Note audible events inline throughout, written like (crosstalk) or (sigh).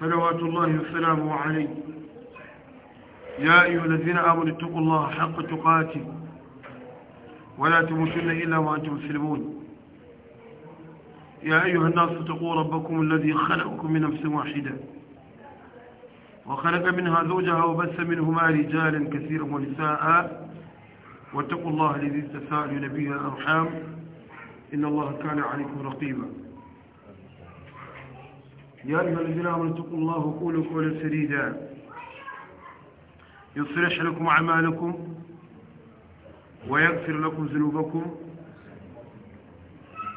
صلوات الله وسلامه عليه يا أيها الذين آمنوا اتقوا الله حق تقاته ولا تموتن إلا وأنتم مسلمون يا أيها الناس اتقوا ربكم الذي خلقكم من نفس واحدة وخلق منها زوجها وبث منهما رجالا كثيرا ونساء واتقوا الله الذي تساءلون به الأرحام إن الله كان عليكم رقيبا يا أيها الذين آمنوا اتقوا الله وقولوا قولا سديدا يصلح لكم أعمالكم ويغفر لكم ذنوبكم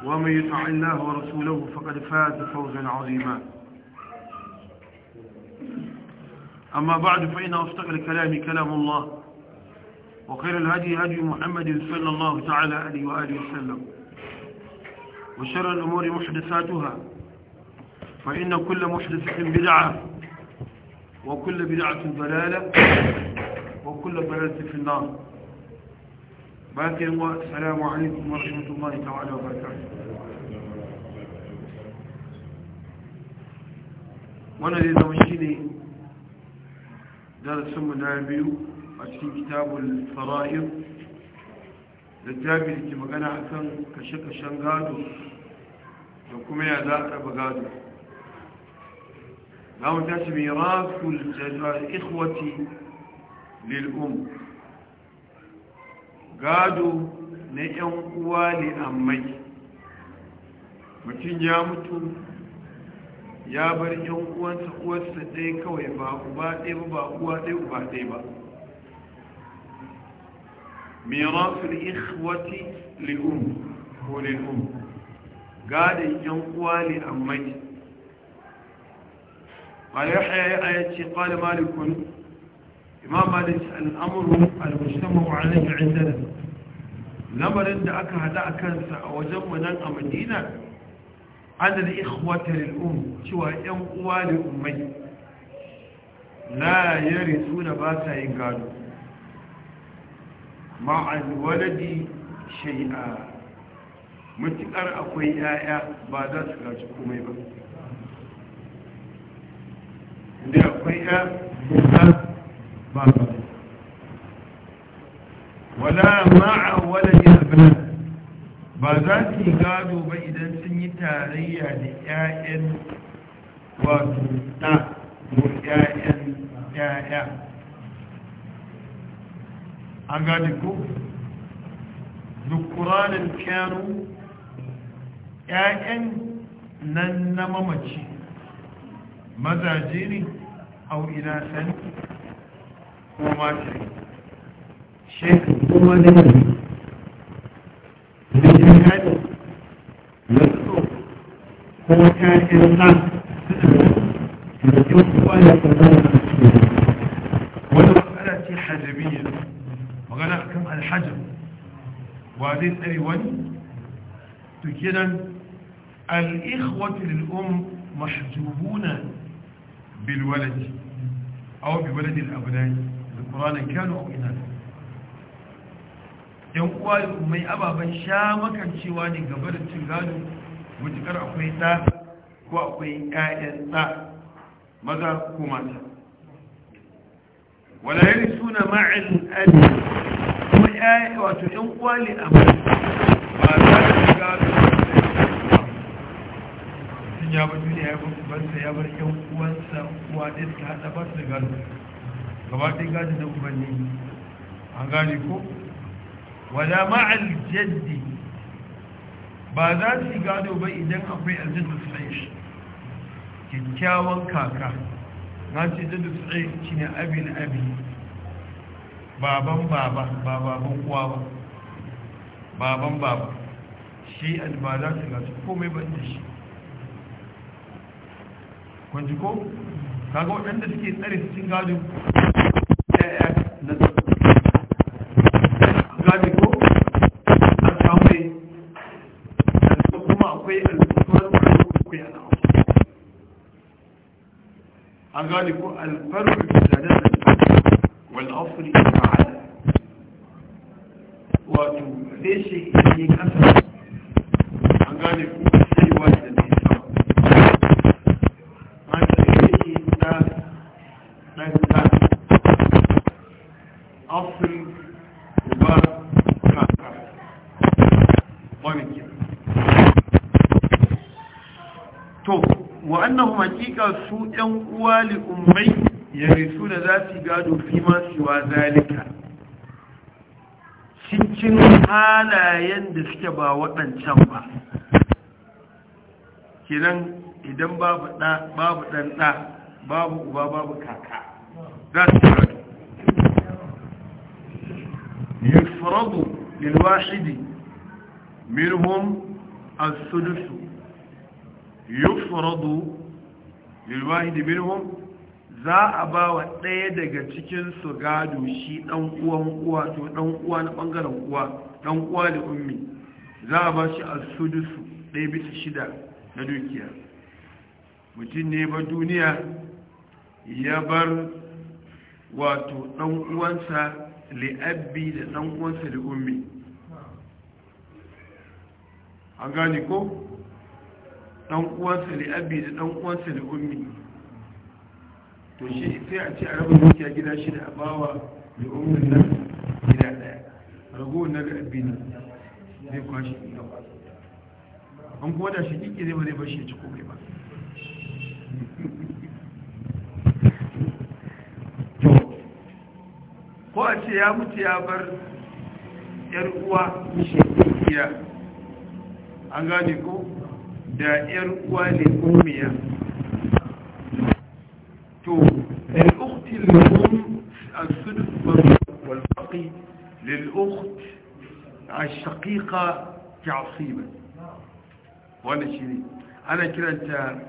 ومن يطع الله ورسوله فقد فاز فوزا عظيما أما بعد فإن أصدق الكلام كلام الله وخير الهدي هدي محمد صلى الله تعالى عليه وآله وسلم وشر الأمور محدثاتها فإن كل محدثة بدعة وكل بدعة ضلالة وكل ضلالة في النار باقي السلام عليكم ورحمة الله تعالى وبركاته وانا دي زوجيني دار السم العربي أشتي كتاب الفرائض للتابع اللي كما كان حسن كشك شنغادو وكما يعزاء ربغادو أو تسميرات الإخوة للأم gado na 'yan uwa ne ammai mutum ya ya bar 'yan uwansa uwarsa ɗaya kawai ba uba ɗaya ba ba uwa ɗaya uba ɗaya ba mirasul ikhwati li'um ko li'um gadon 'yan uwa ne ammai قال يحيى آية قال مالك إمام مالك الأمر المجتمع عليه عندنا lamarin da aka hada a kansa a wajenmu nan a madina an da ikhwata lil'um cewa yan uwa da ummai la yare suna ba sa yin gado ma'an waladi shai'a Matukar akwai 'ya'ya ba za su gaji komai ba da akwai ya ba ba wala ma'a wala yabna ba za su gado ba idan sun yi tarayya da 'ya'yan wato ɗa ko 'ya'yan 'ya'ya an gadi ko dukuranin kyanu 'ya'yan nan na mamaci mazaje ne au ina sani ko mace shekaru kuma da ne ko ta'in nan da kuma ya wani matsala ce hajjabiyya magana a kan alhajjab wa zai tsari wani tukinan al'ikhwatu lil'um mahjubuna yan uwa mai ababen sha makancewa ne gabar cin gado mutukar akwai ɗa ko akwai ƴaƴan ɗa maza ko mata wala suna ma'il ali kuma ƴaƴa wato ƴan uwa ne a ba za su gado ya ba duniya ya bar ubansa ya bar yan uwansa uwa da suka haɗa ba su da gaba ɗaya gado na ubanni an gane ko wala ma'al jaddi ba za su gado ba idan akwai aljaddu shi, kyakkyawan kaka na ce su sa'ish shi ne abin abin baban baba ba baban kuwa ba baban baba shi albada su gasu komai ban da shi kun ji ko kaga waɗanda suke tsare su cin gado ɗaya na gado ko A samu ne sannan kuma akwai alfarwar da kuka yana A gadi ko alfarwar da zanen da wal afri ba'ada wato sai shi ne kan uwa li ummai ya risu da za su gado fi masu wa zalika cikin halayen da suke ba waɗancan ba kinan idan babu ɗa babu ɗan ɗa babu uba babu kaka za su gado yufradu lil wahidi minhum as-sudus yufradu lilwahidi minhum za a ba wa ɗaya daga cikin su gado shi ɗan uwan uwa to ɗan uwa na ɓangaren uwa ɗan uwa da ummi za a ba shi asudusu ɗaya bisa shida na dukiya mutum ne ba duniya ya bar wato ɗan uwansa li'abbi da ɗan uwansa da ummi an gani ko dan uwansa da abi da dan uwansa da ummi to shi sai a ce a raba dukiya gida shi da abawa da ummi nan gida daya ragowar na da abi ne zai kwashi ba an kuma da shi kike zai ba ne bashi ya ci komai ba (laughs) ko a ce ya mutu ya bar yar uwa shi an gane ko da ‘yar uwa ne umiya to al'ukti lulun a sudu walfaƙi lil'ukti a shaƙiƙa ta'asiba wanda shi ne ana kiranta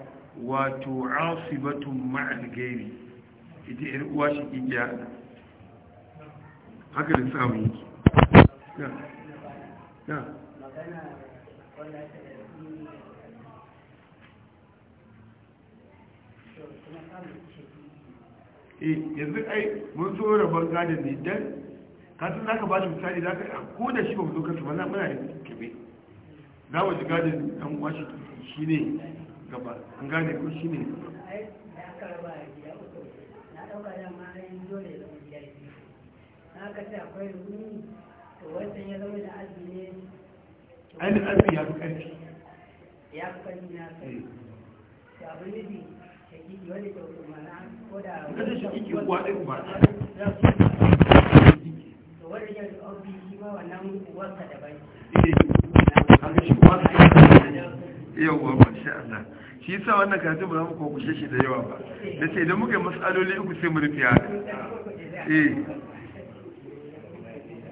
wato asibatun ma'al gairi ita ‘yar uwa shi ƙiƙiya haka da samun yake ya ya Eh, yanzu ai mun so rabar gadon ne dan, kasu za ka ba shi misali za ka ko da shi ba mu zo ba na muna yin kebe za mu ji gadon an washi shi ne gaba an gane ko shi ne gaba ainihin arzi ya fi ƙarfi ya fi ƙarfi na ƙarfi eh. kada shi kike uwa shi wannan karatun ba za mu kwakushe shi da yawa ba da ce muka matsaloli uku sai eh.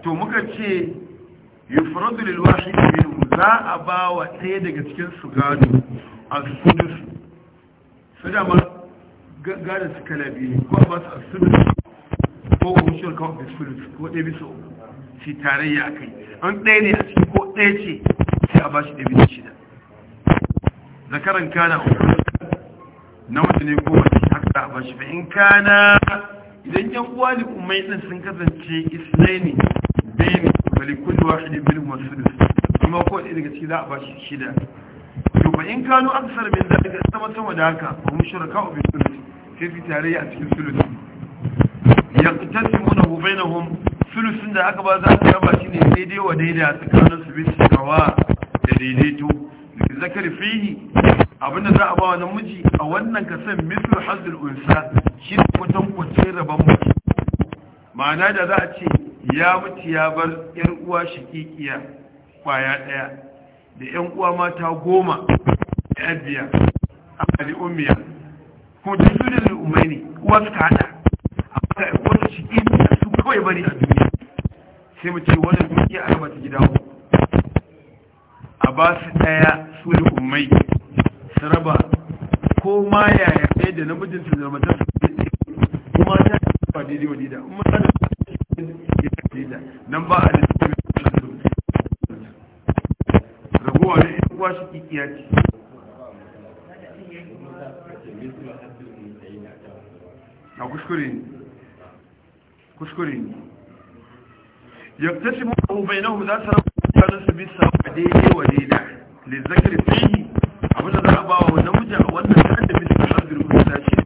to muka ce yufradu za a ba wa ɗaya daga cikin su gado a su gane su kala biyu ko ba su asibiti ko mutual count dispute ko ɗaya bisa uku shi tarayya a kai an ɗaya ne a cikin ko ɗaya ce sai a ba shi ɗaya bisa shida zakaran kana uku na wata ne ko wata haka za a ba shi in kana idan yan uwa ne umai ɗin sun kasance islaini bai ne balikun da wasu ne bilin wasu kuma ko ɗaya daga ciki za a ba shi shida to ba in kano aksar min zalika sama sama da haka kuma mu shirka ubin sulus sai tare a cikin sulusi ya na hun sulusin da aka ba za su raba shi ne daidai wa daidai a tsakanin su bisu kawa da daidaito da zakar fihi abinda za a ba wani namiji a wannan kasan mislu hazzul unsa shi ne kwatan kwacin raban mutu ma'ana da za a ce ya mutu ya bar yan uwa shakikiya kwaya daya da yan uwa mata goma ya biya a ummiya hujjatu da al'ummai ne uwa suka hada amma ga wata shi inda su kawai bari a duniya sai mu ce wannan dukiya a raba ta gida a ba su daya su ne al'ummai su raba ko ma yaya ɗaya da namijin su zama ta kuma ta ba daidai wa dida in mutane ba su yi dida nan ba a da su ragowa ne in kuwa shi kikiya ce a kuskure ne kuskure ne yaktasimu na bainahum za su rabu mutanen su bisa daidai wa daida lizzakir fihi abin da za a bawa wannan miji a wannan kan da bisa hadir kuma ta ce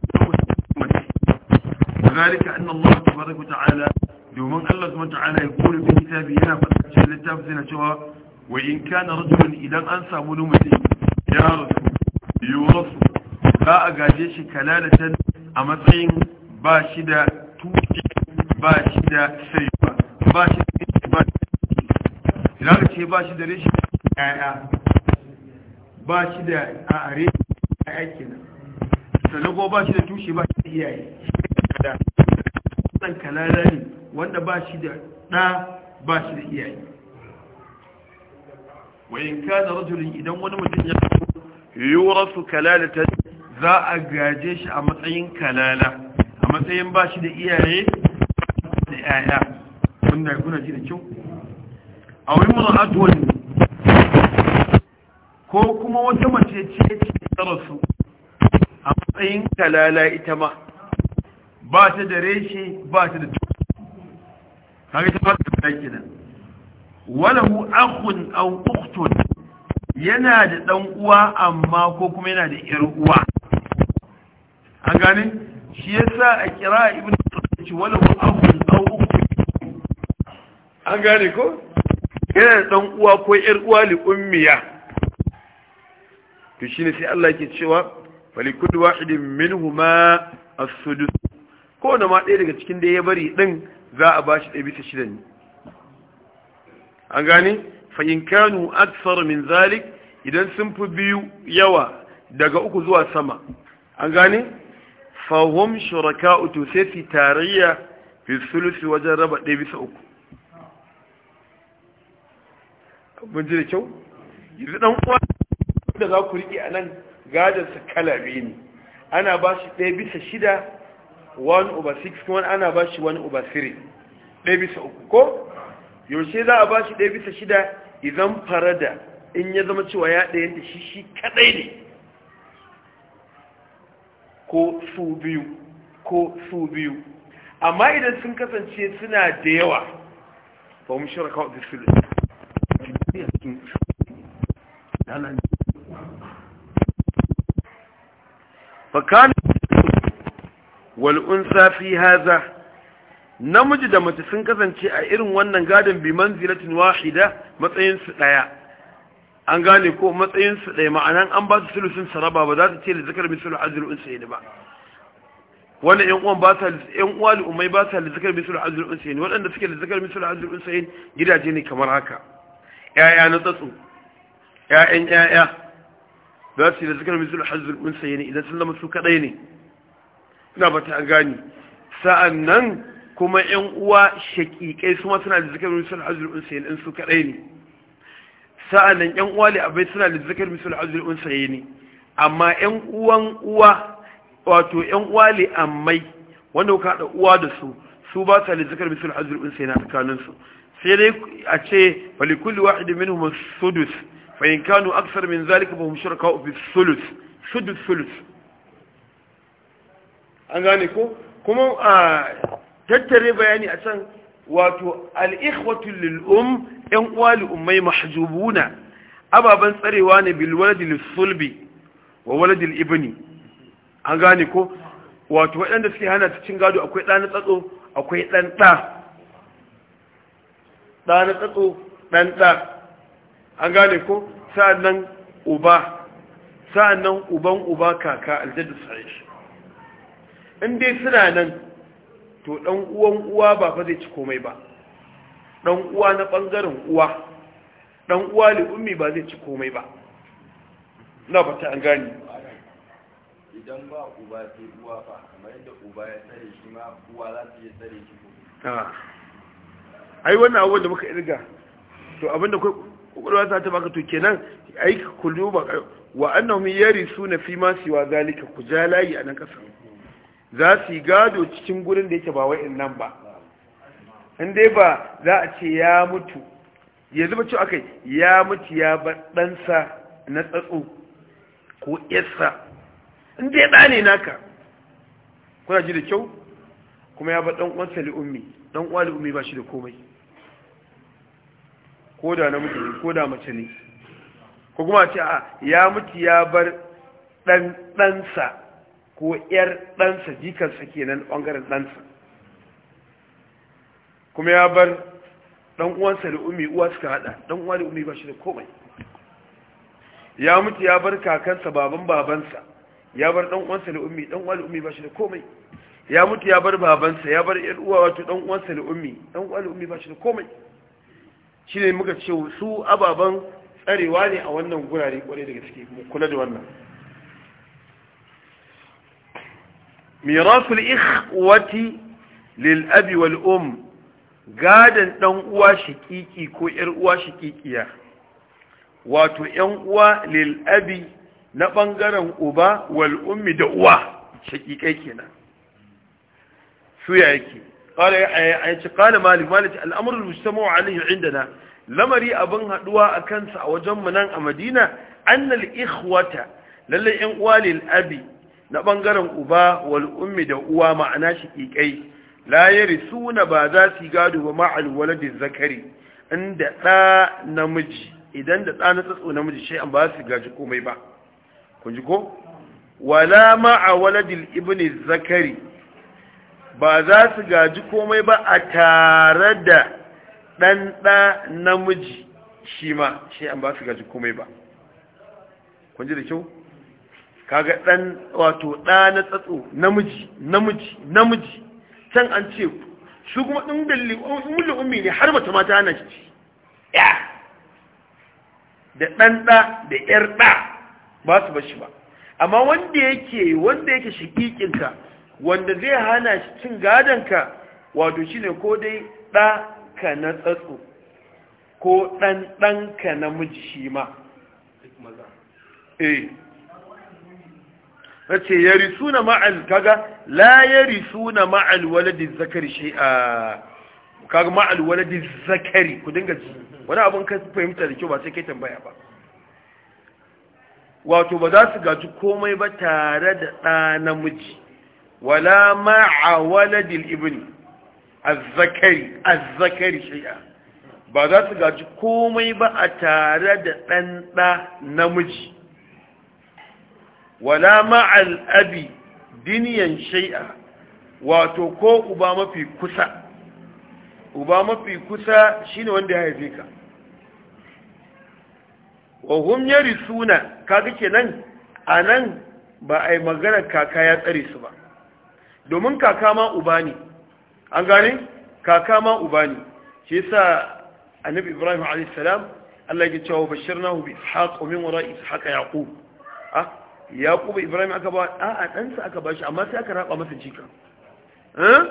وذلك أن الله تبارك وتعالى يومن الله سبحانه وتعالى يقول في كتابه هنا فتحش للتافزين شوى وإن كان رجل إذا أنسى ملومتي يا رسول يورث ba a gaje shi kalalatan a matsayin ba shi da tuce ba shi da saiwa ba ba shi da rishi ba idan ka ce ba shi da rishi ya'ya ba shi da a rishi ya'ya kenan sannan ko ba shi da tushe ba shi da iyaye da san kalala ne wanda ba shi da ɗa ba shi da iyaye wayin kana rajulin idan wani mutum ya yi yurasu kalalatan za a gaje shi a matsayin kalala matsayin ba shi da iyaye da yaya wanda kuna ji da kyau a wani mula'adun ko kuma wata mace ce ce ta rasu a matsayin kalala ita ma ba ta da reshe ba ta da tuwa kare ta fata da ke nan walahu akhun aw ukhtun yana da dan uwa amma ko kuma yana da yar uwa an gane shi yasa a kira ibn tsoci wani abin ɗan an gane ko yana ɗan uwa ko ‘yar uwa li ummiya to ne sai Allah ke cewa falikul wahidin minhuma a sudu ko da ma ɗaya daga cikin da ya bari ɗin za a bashi ɗaya bisa shida ne an gane fa kanu min zalik idan sun fi biyu yawa daga uku zuwa sama an gane fahim Shuraka to sai su tarayya fi sulusi wajen raba ɗaya bisa uku abin ji da kyau yanzu ɗan uwa da za ku riƙe a nan gajarsa kalabe ne ana ba shi ɗaya bisa shida 1 over 6 kuma ana ba shi 1 over 3 ɗaya bisa uku ko yaushe za a ba shi ɗaya bisa shida idan farada in ya zama cewa ya ɗayan da shi shi kaɗai ne ko su biyu ko su biyu amma idan sun kasance suna da yawa ba mu shirka wa bisu fakan wal'unsa fi haza namiji da mace sun kasance a irin wannan gadon bi manzilatin wahida matsayinsu ɗaya an gane ko matsayinsu ɗaya ma'anan an ba su sulusun saraba ba za ta ce da zakar misalu azul unsayin ba wanda yan uwan ba sa yan uwa al'ummai ba sa da zakar misalu azul ne waɗanda suke da zakar misalu azul unsayin gidaje ne kamar haka Yaya na tsatsu 'ya'yan 'ya'ya za su yi da zakar misalu azul ne idan sun zama su kaɗai ne ina ba ta an gane sa'an nan kuma yan uwa shaƙiƙai su ma suna da zakar misalu azul ne in su kaɗai ne sa'annan yan uwa li abai suna da zakar misul azul unsaye ne amma yan uwan uwa wato yan uwa li amai wanda ka da uwa da su su ba sa da zakar misul azul unsaye na tsakanin su sai dai a ce fali kulli wahid minhum sudus fa in kanu aksar min zalika fa hum shuraka fi sulus sudus sulus an gane ko kuma a tattare bayani a can wato al'ikhwatu lil'um ‘yan uwa li'ummai mahjubuna ababen tsarewa ne bilwaladil sulbi wa waladil ibni an gane ko wato waɗanda suke hana ta cin gado akwai ɗan tsatso akwai ɗan ɗa ɗan tsatso ɗan ɗa an gane ko sa'annan uba sa'annan uban uba kaka aljadu sa'ish in dai suna nan to dan uwan uwa ba fa zai ci komai ba dan uwa na bangaren uwa dan uwa li ummi ba zai ci komai ba na fata an gani idan ba uba sai uwa fa kamar yadda uba ya tsare shi ma uwa za ta iya tsare shi ko ai wannan abubuwan da muka irga to abinda kai kwakwalwa za ta baka to kenan ai ku ba. wa annahum yarisuna fi ma siwa zalika ku ja layi a nan kasan za su yi gado cikin gurin da yake ba wa'in nan ba in dai ba za a ce ya mutu ya zuba ci aka ya mutu ya ba ɗansa na tsatso ko yasa. in dai ɗa ne naka kuna ji da kyau kuma ya ba ɗan uwansa li'ummi ɗan uwa li'ummi ba shi da komai ko da na mutu ko da mace ne ko kuma ce a ya mutu ya bar ɗansa ko ‘yar ɗansa jikansa kenan ɓangaren ɗansa kuma ya bar ɗan uwansa da umi uwa suka haɗa ɗan uwa da umi ba shi da komai ya mutu ya bar kakansa baban babansa ya bar ɗan uwansa da umi ɗan uwa da umi ba shi da komai ya mutu ya bar babansa ya bar ‘yar uwa wato ɗan uwansa da umi ɗan uwa da umi ba shi da komai shi ne muka ce su ababen tsarewa ne a wannan gurare kwarai da gaske mu kula da wannan mirasul ikhwati lil abi wal um gadan dan uwa shikiki ko yar uwa shikikiya wato yan uwa lil abi na ɓangaren uba wal ummi da uwa shakikai kenan su ya yake qala ya ce qala malik malik al amru lamari abin haduwa a kansa a wajen mu nan a madina annal ikhwata lalle yan uwa lil abi na bangaren uba wal ummi da uwa ma'ana shiqiqai la yarisuna ba za su yi gado ba ma'al waladi zakari inda da namiji idan da da na tsatso namiji shi an ba su gaji komai ba kun ji ko wala a waladil ibni zakari ba za su gaji komai ba a tare da dan da namiji shi ma shi an ba su gaji komai ba kun ji da kyau kaga dan wato da na tsatso namiji namiji namiji can an ce su kuma din billi umul ummi ne har bata mata ana ci ya da dan da da yar da ba su bashi ba amma wanda yake wanda yake shikikin ka wanda zai hana shi cin gadon ka wato shine ko dai da ka na tsatso ko dan dan ka namiji shi ma eh risu na ma'al kaga la na ma'al waladin zakari a kaga ma'al waladin zakari ku dinga ji wani abun ka fahimta da kyau ba sai kai tambaya ba wato ba za su gaji komai ba tare da ɗa namiji wala ma'a waladil a zakari shi a ba za su gaji komai ba a tare da ɗan ɗa namiji wala ma'al abi diniyan shay'a wato ko uba mafi kusa uba mafi kusa shine wanda ya haife ka wa hum yarisuna kaga kenan anan ba ai magana kaka ya tsare su ba domin kaka ma uba ne an gane kaka ma uba ne shi yasa annabi Ibrahim alayhi salam Allah ya ce wa bashirnahu bi ishaq wa min wara ishaq yaqub ah yaqubu ibrahim aka ba a'a ɗansa aka ba shi amma sai aka raba masa jika eh?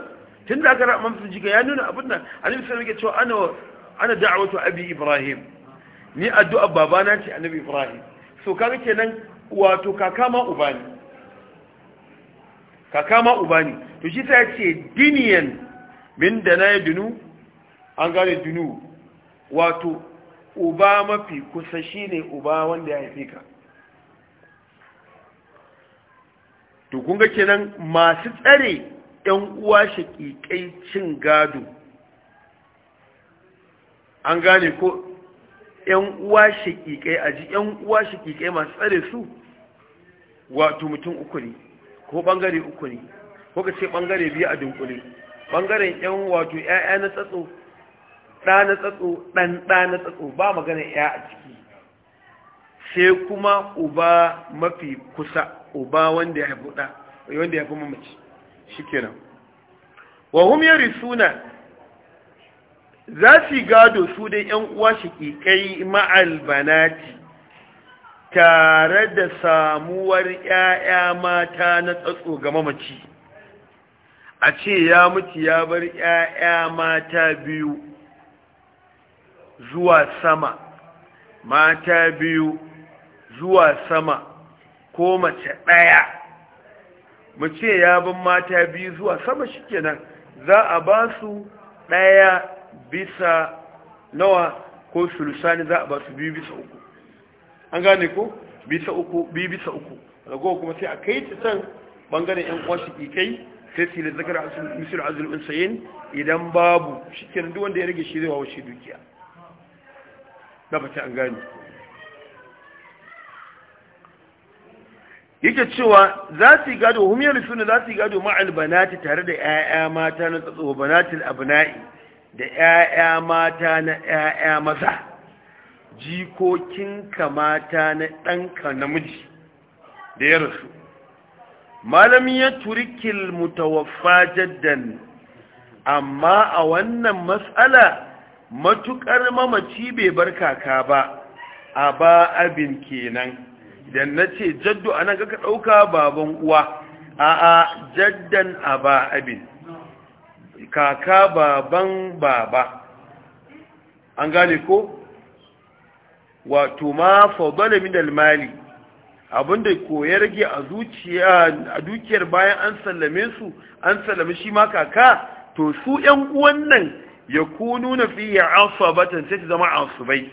tun da aka raba masa jika ya nuna abin nan annabi sai yake cewa ana ana da'watu abi ibrahim ni addu'a babana ce annabi ibrahim so kaga kenan wato kaka ma uba ne kaka ma uba ne to shi sai ya ce diniyan min da na dunu an gane dunu wato uba mafi kusa shine uba wanda ya haife ka to kun ga kenan masu tsare yan uwa shakikai cin gado an gane ko yan uwa shakikai a ji yan uwa shakikai masu tsare su wato mutum uku ne ko bangare uku ne ko ka ce bangare biyu a dunkule bangaren yan wato 'ya'ya na tsatso ɗa na tsatso ɗan ɗa na tsatso ba magana ya a ciki sai kuma uba mafi kusa uba wanda ya haifu da wanda ya haifu mamaci kenan wa hum yarisuna za su gado su da yan uwa shiqiqai ma'al ma'albanati. tare da samuwar 'ya'ya mata na tsatso ga mamaci a ce ya mutu ya bar 'ya'ya mata biyu zuwa sama mata biyu zuwa sama ko mace ɗaya mu ce ya bin mata biyu zuwa sama shikenan za a ba su ɗaya bisa nawa ko sulusani za a ba su biyu bisa uku an gane ko bisa uku biyu bisa uku ragowa kuma sai a kai ta can bangaren yan kwashi shi kai sai su yi zakar misir azul unsayin idan babu shi kenan duk wanda ya rage shi zai wawo shi dukiya da fata an gane yake cewa za su yi gado hum suna za su yi gado ma'al banati tare da 'ya'ya mata na tsatso banatil da 'ya'ya mata na 'ya'ya maza jikokinka mata na ɗanka namiji da ya rasu malami ya turikil mutawaffa jaddan amma a wannan matsala matukar mamaci bai bar kaka ba a ba abin kenan idan na ce jaddu a nan kaka ɗauka baban uwa a a jaddan a ba abin kaka baban baba an gane ko wato ma faudole min dalmali. abinda ko ya rage a zuciya a dukiyar bayan an sallame su an sallame shi ma kaka to su 'yan uwan nan ya kunu na fiye batan sai su zama asubai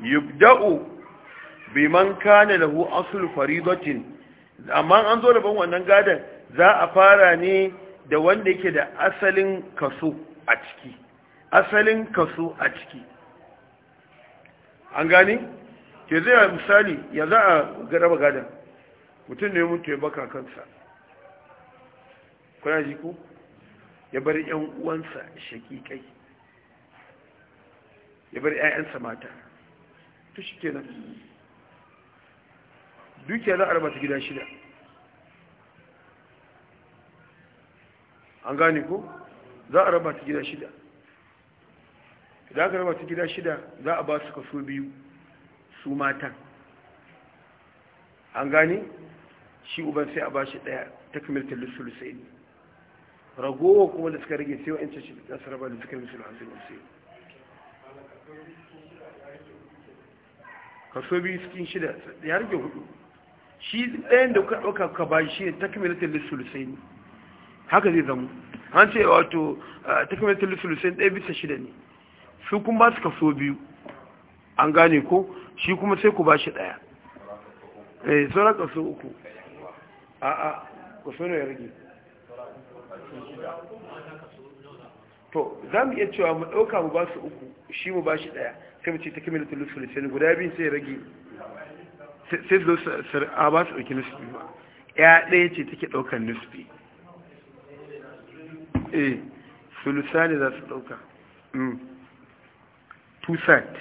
yubda'u bi man kana lahu asl faridatin amma an zo da ban wannan gadan za a fara ne da wanda yake da asalin kaso a ciki asalin kaso a ciki an gani ke zai misali ya za a raba gadan mutum ne mutu ya baka kansa kuna ji ku ya bar yan uwansa shakikai ya bar 'ya'yansa mata to shi kenan dukiya za a raba ta gida shida an gane ko za a raba ta gida shida idan aka raba ta gida shida za a ba su kaso biyu su matan an gane shi uban sai a ba shi daya ta kamiltar lissu sai ragowa kuma da suka rage sai wa'ancin shi da su raba da suka lissu sai kaso biyu cikin shida ya rage hudu shi ɗayan da kuka ɗauka ka ba shi ne takmilatul lisulusaini haka zai zama an ce wato takmilatul lisulusaini ɗaya bisa shida ne su kun ba su kaso biyu an gane ko shi kuma sai ku ba shi ɗaya eh sauran kaso uku a'a kaso ne ya rage to za mu iya cewa mu ɗauka mu ba su uku shi mu ba shi ɗaya sai mu ce takmilatul lisulusaini guda biyu sai ya rage sai su sara ba su ɗauki nisfi ba ya ɗaya ce take ɗaukar nisfi eh sulusa ne za su ɗauka mm. tusat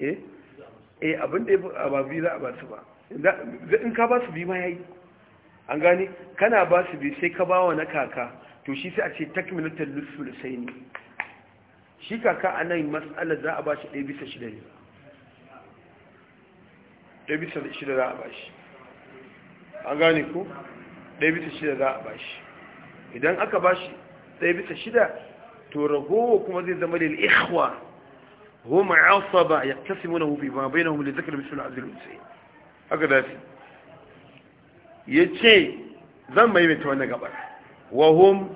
eh eh abin da ya ba biyu za a ba su ba in ka ba su biyu ma ya yi an gani kana ba su biyu sai ka ba wa na kaka to shi sai a ce takminatar lusulusai ne shi kaka a nan matsala za a ba shi ɗaya bisa shida ne ɗaya bisa shida za a ba shi an gane ku ɗaya bisa shida za a ba shi idan aka ba shi ɗaya bisa shida to ragowa kuma zai zama da al'ikhwa ho ma'asa ba ya kasi muna hufi ba bai na hufi da zakar bisu na azilun sai haka dafi ya ce zan maimaita wannan gabar wahum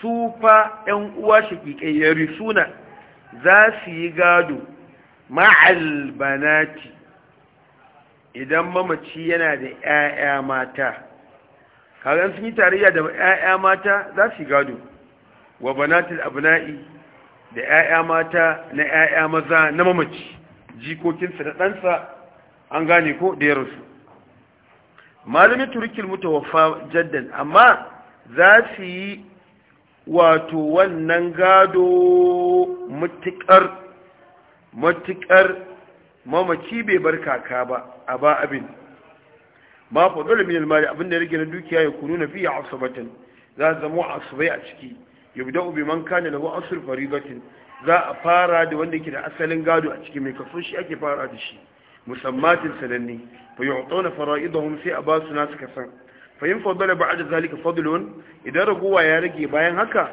su fa ‘yan uwa shi ya risuna za su yi gado ma'albanati idan mamaci yana da ‘ya'ya mata kagan sun yi tarayya da ‘ya'ya mata za su yi gado wa banatil abna'i da ‘ya'ya mata na ‘ya'ya maza na mamaci jikokinsa da ɗansa an gane ko da ya rasu malamin turkin mutuwa jaddan amma za su yi wato wannan gado matuƙar matuƙar mamaci bai bar kaka ba a ba abin ma fadar min almari abin da rage na dukiya ya kunu na fiye asabatan za su zama asabai a ciki yabda ubi man kane lahu asur faribatin za a fara da wanda ke da asalin gado a cikin mai kaso shi ake fara da shi musammatin sananne fa yu'tuna fara'idahum sai a ba su nasu kasan fahim fadala ba da zalika fadlun idan raguwa ya rage bayan haka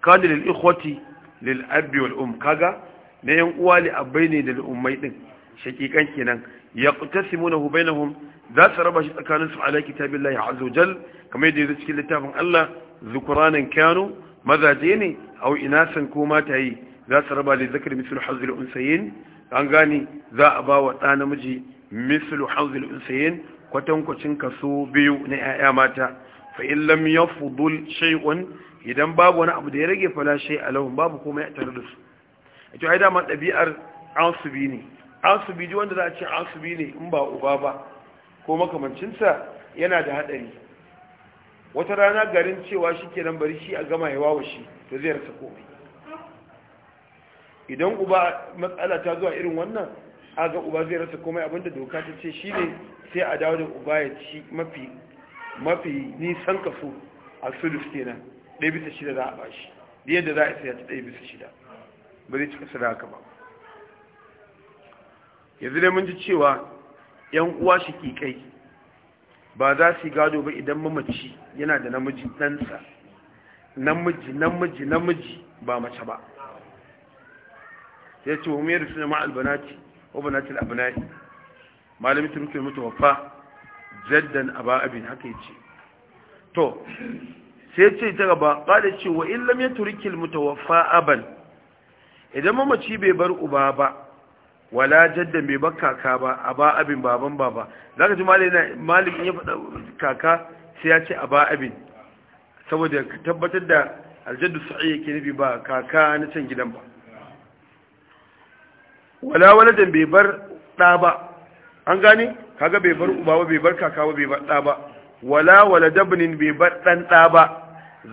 kana lil ikhwati lil abi wal um. kaga na yan uwa li abai ne da ummai din shakikan kenan yaqtasimunahu bainahum za su raba shi tsakanin su ala kitabillahi azza wajal kamar yadda yake cikin littafin Allah zukuranan kanu mazaje ne au inasan ko mata yi za su raba da zakar mislu hazil unsayin an gani za a ba wa ɗa namiji mislu hazil unsayin kwatankwacin kaso biyu na 'ya'ya mata fa illam yafdul shay'un idan babu wani abu da ya rage fala shay alahum babu komai a tare da su to ai dama dabi'ar asubi ne asubi ji wanda za a ce asubi ne in ba uba ba ko makamancinsa yana da hadari wata rana garin cewa shi nan bari shi a gama ya wa shi to zai rasa komai idan uba matsala ta zuwa irin wannan aga uba zai rasa komai abinda doka ta ce shi ne sai a dawo da uba ya ci mafi mafi nisan kaso a sulus kenan ɗaya bisa shida za a bashi da yadda za a isa ya ci ɗaya bisa shida ba zai cika sadaka ba yanzu dai mun ji cewa yan uwa shi kai ba za su yi gado ba idan mamaci yana da namiji ɗansa namiji namiji namiji ba mace ba ya ce wa mai da suna ma'albanaci. wa banatil abna'i malami turki mutawaffa jaddan aba abin haka yace to sai ce ta gaba kada ce wa in lam yaturki al mutawaffa aban idan mamaci bai bar uba ba wala jaddan bai bar kaka ba aba abin baban baba zaka ji malami malami ya faɗa kaka sai ya ce aba abin saboda tabbatar da aljaddu sa'i yake nufi ba kaka na can gidan ba wala waladan bai bar ɗa ba an gane kaga bai bar uba ba bai bar kaka ba bai bar ɗa ba wala waladabnin bai bar ɗan ɗa ba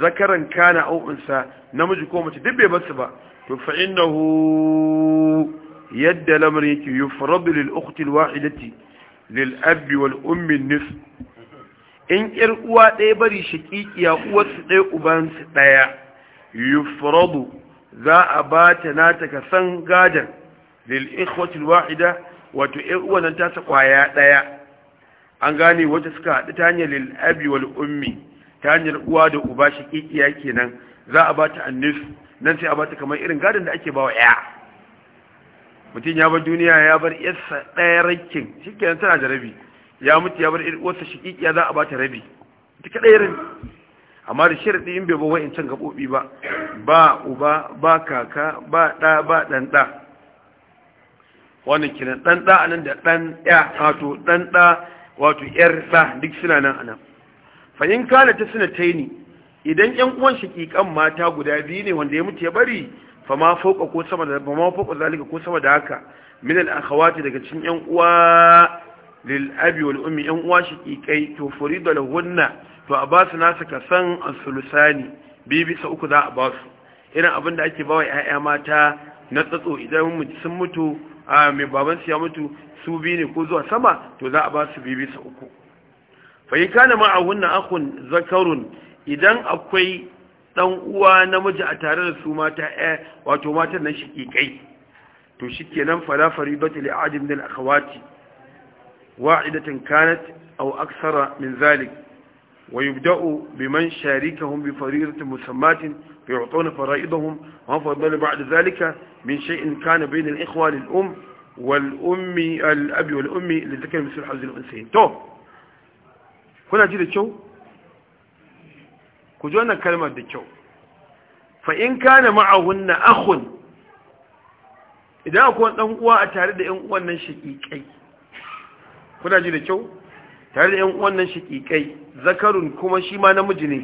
zakaran kana au unsa namiji ko mace duk bai bar su ba to fa innahu yadda lamarin yake yufradu lil ukhti al wahidati lil abi wal ummi nis in yar uwa ɗaya bari shakikiya uwarsu ɗaya ubansu ɗaya yufradu za a ba ta nata ka san gadan lil ikhwatil wahida wato ƴan uwan ta sa kwaya daya an gane wata suka haɗu ta hanyar lil'abi abi wal ummi ta hanyar uwa da uba shi kikiya kenan za a ba ta annis nan sai a ba ta kamar irin gadon da ake bawa ƴa mutum ya bar duniya ya bar yarsa ɗaya rakin shi kenan tana da rabi ya mutu ya bar uwarsa shi kikiya za a ba ta rabi ita kaɗai rabi amma da sharaɗi in bai ba wa'incan gaɓoɓi ba ba uba ba kaka ba ɗa ba ɗan ɗa wannan kiran dan da anan da dan ya wato dan da wato yar da duk suna nan anan fa in kala ta suna taini idan yan uwan shakikan mata guda biyu ne wanda ya mutu ya bari fa ma fauka ko sama da ma fauka zalika ko sama da haka min al akhawati daga cikin yan uwa lil abi wal ummi yan uwa shakikai to furida lahunna to a basu nasu san san asulusani bi bisa uku za a basu irin abin da ake bawa 'ya'ya mata na tsatso idan sun mutu a mai babansu ya mutu su biyu ne ko zuwa sama to za a ba su biyu bisa uku fai kana a wannan akun zakarun idan akwai ɗan uwa namiji a tare da su mata ɗaya eh, wato matan nan kai. to shi kenan falafari bata na min al'akawati wa'idatan kanat au aksara min zalik ويبدأ بمن شاركهم بفريضة مسمات فيعطون فرائضهم وهم فضل بعد ذلك من شيء كان بين الإخوة للأم والأم الأبي والأم لذكر مثل حوز الأنسين تو كنا جيدة شو كجونا كلمة دي شو فإن كان معهن أخ إذا أكون أنقوى أتعرض أنقوى أنشئي كي كنا جيدة شو tare da yan uwan nan shiqiqai zakarun kuma shi ma namiji ne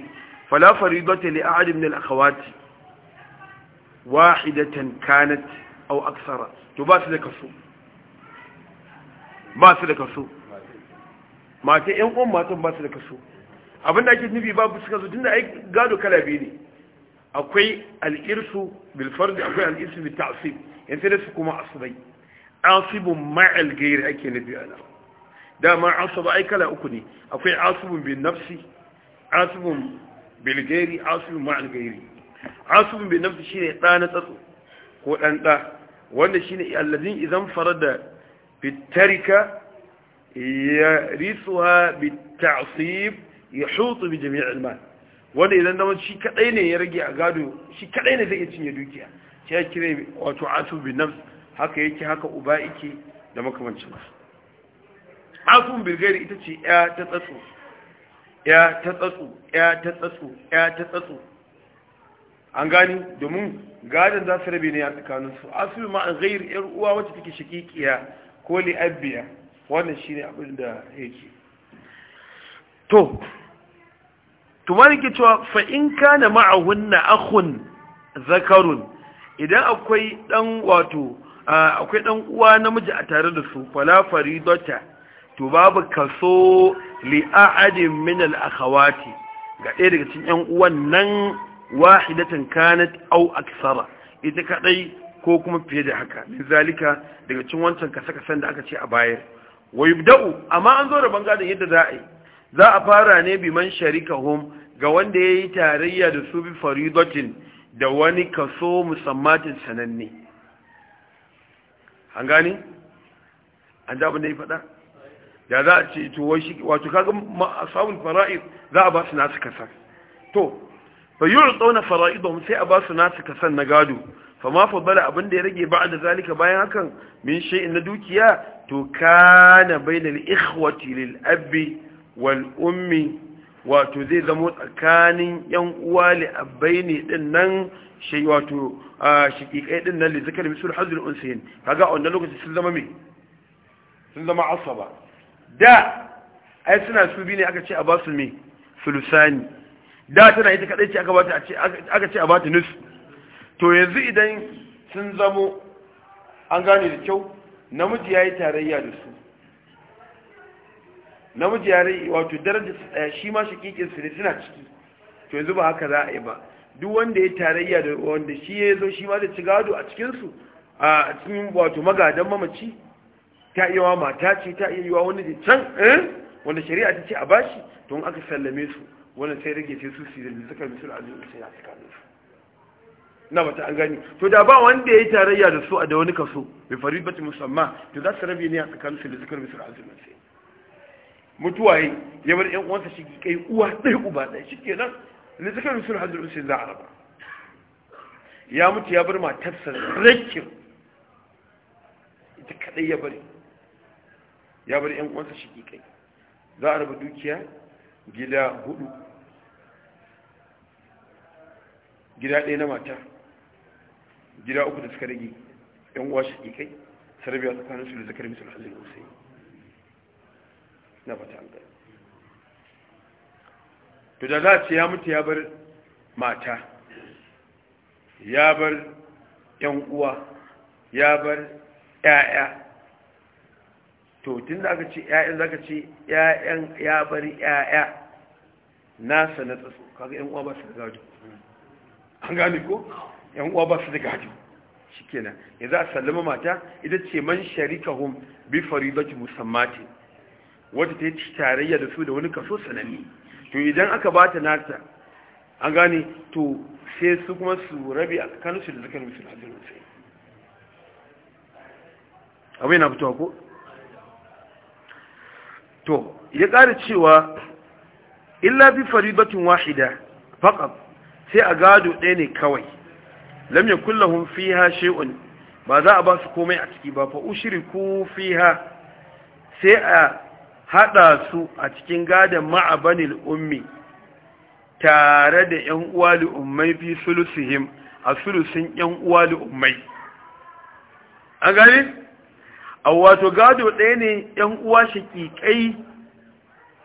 fala faridatu li ahad min al-akhawati wahidatan kanat au aksara to ba su da kaso ba su da kaso mata yan uwan matan ba su da kaso abinda ake nufi babu su kaso tunda ai gado kala biyu ne akwai al'irsu bilfar bil akwai al'irsu irsu bil ta'sib yanzu da su kuma asibai asibun ma'al gairi ake nufi ana dama asaba ai kala uku ne akwai asibun bin nafsi asibun bilgeri gairi asibun ma'al bin nafsi shine ɗa na tsatso ko ɗan ɗa wanda shine allazin idan farada bitarika ya risuwa bitasib ya hutu bi jami'il mal wanda idan dama shi kadai ne ya rage a gado shi kadai ne zai iya cinye dukiya shi ya kire wato asubin bin nafsi haka yake haka uba ike da makamancin masu asun birgari ita ce ya ta tsatsu ya ta tsatsu ya ta tsatsu ya ta tsatsu an gani domin gadon za su rabe ne a tsakaninsu asu ma an gairi yar uwa wacce take shakikiya ko li'abbiya wannan shi ne abin da yake to tumar ke cewa fa in kana na akhun zakarun idan akwai dan wato akwai dan uwa namiji a tare da su fala faridata to babu kaso li ahadin min al akhawati ga ɗaya daga cikin ƴan uwan nan wahidatan kanat au aksara ita kaɗai, ko kuma fiye da haka min zalika daga cikin wancan kasa-kasan da aka ce a bayar Wai da'u, amma an zo da bangaren yadda za a yi za a fara ne bi man sharikahum ga wanda ya yi tarayya da su bi faridotin da wani kaso musammatin sananne an gani an da abin da ya faɗa da za a ce to wai wato kaga sabun fara'id za a ba su nasu kasan to fa yu'tuna fara'idum sai a ba su nasu kasan na gado fa ma fadala abin da ya rage ba da zalika bayan hakan min shay'in na dukiya to kana bainal ikhwati lil abi wal ummi wato zai zamo tsakanin yan uwa li abaini din nan shi wato shiqiqai din nan li zakar misul hazul unsin kaga a wannan lokaci sun zama me sun zama asaba da ai suna su bi ne aka ce a ba su me sulusani da tana ita kadai ce aka ce a ba ta nus to yanzu idan sun zamo an gane da kyau namiji ya yi tarayya da su namiji ya rai wato darajar su daya shi ma shakikin su ne suna ciki to yanzu ba haka za a yi ba duk wanda ya tarayya da wanda shi ya zo shi ma da ci gado a cikinsu a cikin wato magadan mamaci ta iya wa mata ce ta iya wa wani da can eh? wanda shari'a ta ce a bashi don aka sallame su wannan sai rage ce su su da suka misul zuwa sai ya tsaka su na bata an gani to da ba wanda ya yi tarayya da su a da wani kaso mai bi bata musamma to za su rabi ne a tsakanin su da suka misul zuwa sai mutuwaye ya bar 'yan uwansa shi kai uwa ɗaya uba ɗaya shi nan da suka misul zuwa sai za a raba ya mutu ya bar matarsa rakin ita kadai ya bari ya bar yan uwansa kai. za a raba dukiya gida hudu gida ɗaya na mata gida uku da suka rage yan uwa kai sarabiya tsakanin su da zakar misal hazin hussein na fata an gani to da za a ce ya mutu ya bar mata ya bar yan uwa ya bar 'ya'ya to tun da aka ce ‘ya'yan za ka ce ‘ya'yan ya bari ‘ya'ya nasa na tsatsu kaga ‘yan ba su da gado an gane ko ‘yan ba su da gado shi kenan ya za a sallama mata ita ce man sharika hum bi faridati musammati wata ta yi tarayya da su da wani kaso sananni to idan aka ba ta nata an gane to sai su kuma su rabi a kansu da zakar musul abu yana abin fitowa ko to ya ƙara cewa illa bi faribatin wahida faqat sai a gado ɗaya ne kawai lam yakul fi ha shay'un ba za a ba su komai a ciki ba fa fi ha. sai a haɗa su a cikin gadon ma'abanin ummi tare da 'yan uwa ummai fi sulusihim a sulusin 'yan uwa ummai an gani a wato gado ɗaya ne ‘yan uwa shaƙiƙai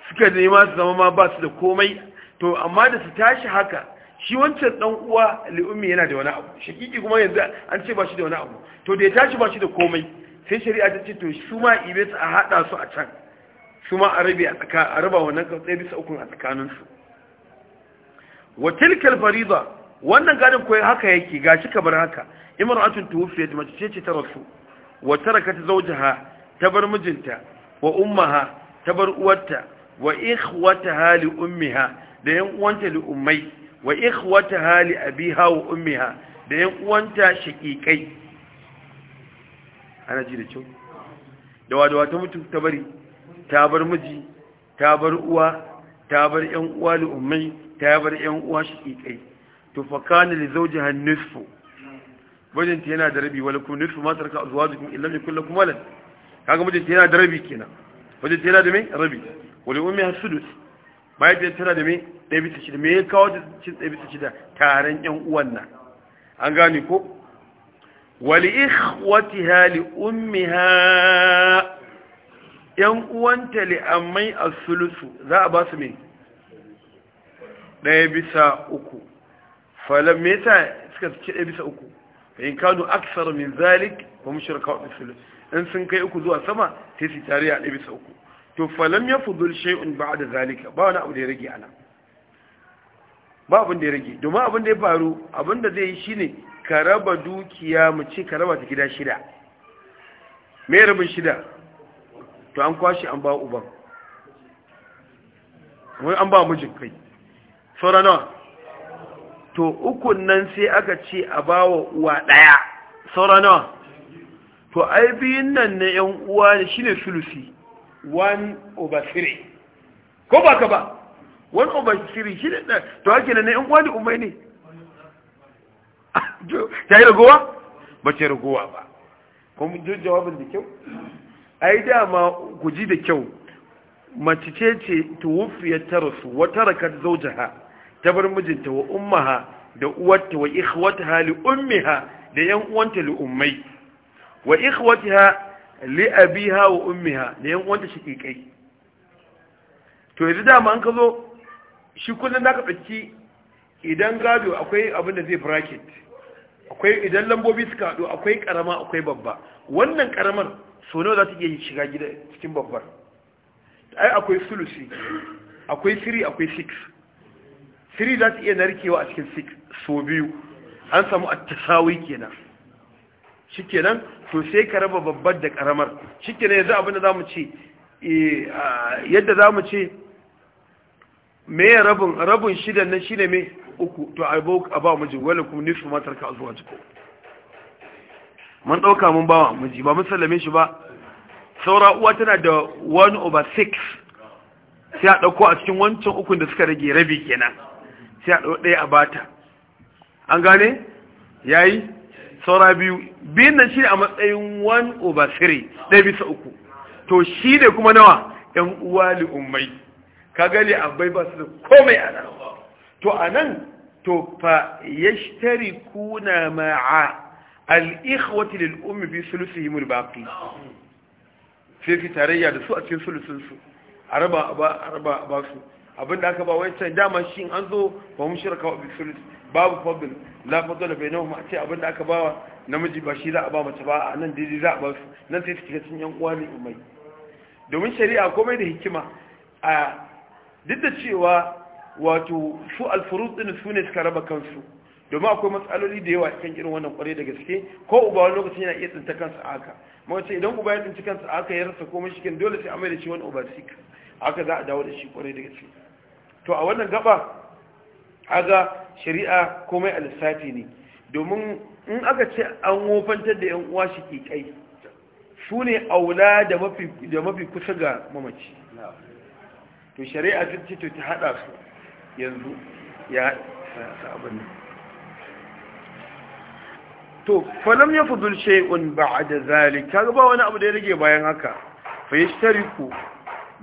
suka nema su zama ma ba su da komai to amma da su tashi haka shi wancan ɗan uwa li'ummi yana da wani abu shaƙiƙi kuma yanzu an ce ba shi da wani abu to da ya tashi ba shi da komai sai shari'a ta ce to su ma ibe su a haɗa su a can su ma a rabe a tsaka a raba wannan tsaye bisa ukun a tsakaninsu wa tilkal fariza wannan gadon koyi haka yake gashi kamar haka imra'atun tuwfiyat mace ce ta rasu wa taraka ta zaujaha ta bar mijinta wa ummaha ta bar uwarta wa ikhwataha li ummiha da yan uwanta li ummai wa ikhwataha li abiha wa ummiha da yan uwanta shaqiqai ana ji da cewa dawa dawa ta mutu ta bari ta bar miji ta bar uwa ta bar yan uwa li ummai ta bar yan uwa shaqiqai to fa kana li zaujaha nisfu mijinta yana da rabi walakum nisfu ma taraka azwajukum illam yakul lakum walad kaga mijinta yana da rabi kenan mijinta yana da me rabi wala ummi hasudus mahaifiyar tana da me ɗaya bisa shida me ya kawo da cin ɗaya bisa shida Taren ƴan uwan nan an gane ko wali ikhwatiha li ummiha ƴan uwanta li ammai as-sulusu za a ba su me ɗaya bisa uku falam me yasa suka ci ɗaya bisa uku fa in kanu aksar min zalik fa mushrika fi sulus in sun kai uku zuwa sama sai su tare a ɗaya bisa uku to fa falam yafdul shay'un ba'da zalika ba wani abu da ya rage ana ba abin da ya rage domin abin da ya faru abin da zai yi shine ka raba dukiya mu ce ka raba ta gida shida me rabin shida to an kwashi an ba uban wai an ba mijin kai saura nawa to ukun nan sai aka ce a bawa uwa ɗaya saura nawa to ai biyun nan na yan uwa shi ne sulusi one over three. ko ba ka ba One over three. shi ne to hake na yan uwa da umai ne (laughs) ta yi ragowa ba ce ragowa ba kuma jawabin da kyau ai dama ku ji da kyau mace ce ce tuwufiyar ta rasu wata rakar zaujaha ta bar mijinta wa ummaha da uwarta wa ikhwataha li ummiha da yan uwanta li ummai wa ikhwataha li abiha wa ummiha da yan uwanta shiqiqai to yanzu dama an ka zo shi kullun ka tsaki idan gado akwai abin da zai bracket akwai idan lambobi suka hado akwai karama akwai babba wannan karamar so nawa za ta iya shiga gida cikin babbar ai akwai sulusi akwai 3 akwai 6 3 za su iya narkewa a cikin 6 so biyu an samu attasawi kenan shikenan to sai ka raba babbar da karamar shikenan yanzu abin da mu ce eh, yadda mu ce me rabin rabin shidan nan shine me uku to a ba miji wala kuma nisfu matar ka zuwa jiko mun dauka mun bawa miji ba mun sallame shi ba saura uwa tana da 1 over 6 sai a dauko a cikin wancan ukun da suka rage rabi kenan sai a ɗaya a bata an gane yayi saura biyu biyun nan shi a matsayin one over three, ɗaya bisa uku to shi ne kuma nawa ‘yan uwa li'ummai ka gani abai ba su da komai a nan to a nan to fa ya shtari kuna ma'a al'ikhwati lil'ummi bi sulusi himul baƙi sai fi tarayya da su a cikin sulusinsu a raba ba su abinda aka ba wai sai dama shi an zo ba mu shirka wa sulus babu fadl la fadl ma a ce abinda aka ba namiji ba shi za a ba mace ba a nan daidai za a ba su nan sai suke cikin yan uwa ne umai domin shari'a komai da hikima a duk da cewa wato su alfuruz din su ne suka raba kansu domin akwai matsaloli da yawa kan irin wannan kwarai da gaske ko uba wani lokacin yana iya tsinta kansa a haka mawace idan uba ya tsinci kansa a haka ya rasa komai shi dole sai amai da shi wani uba sik haka za a dawo da shi kwarai da gaske to a wannan gaba aga shari'a komai a lissafi ne domin in aka ce an wofantar da yan uwa shi ke kai su ne aula da mafi kusa ga mamaci to shari'a ta ce to ta hada su yanzu ya sabon nan to falam ya fudul shay'un ba'da zalika ga ba wani abu da ya rage bayan haka fa yashtariku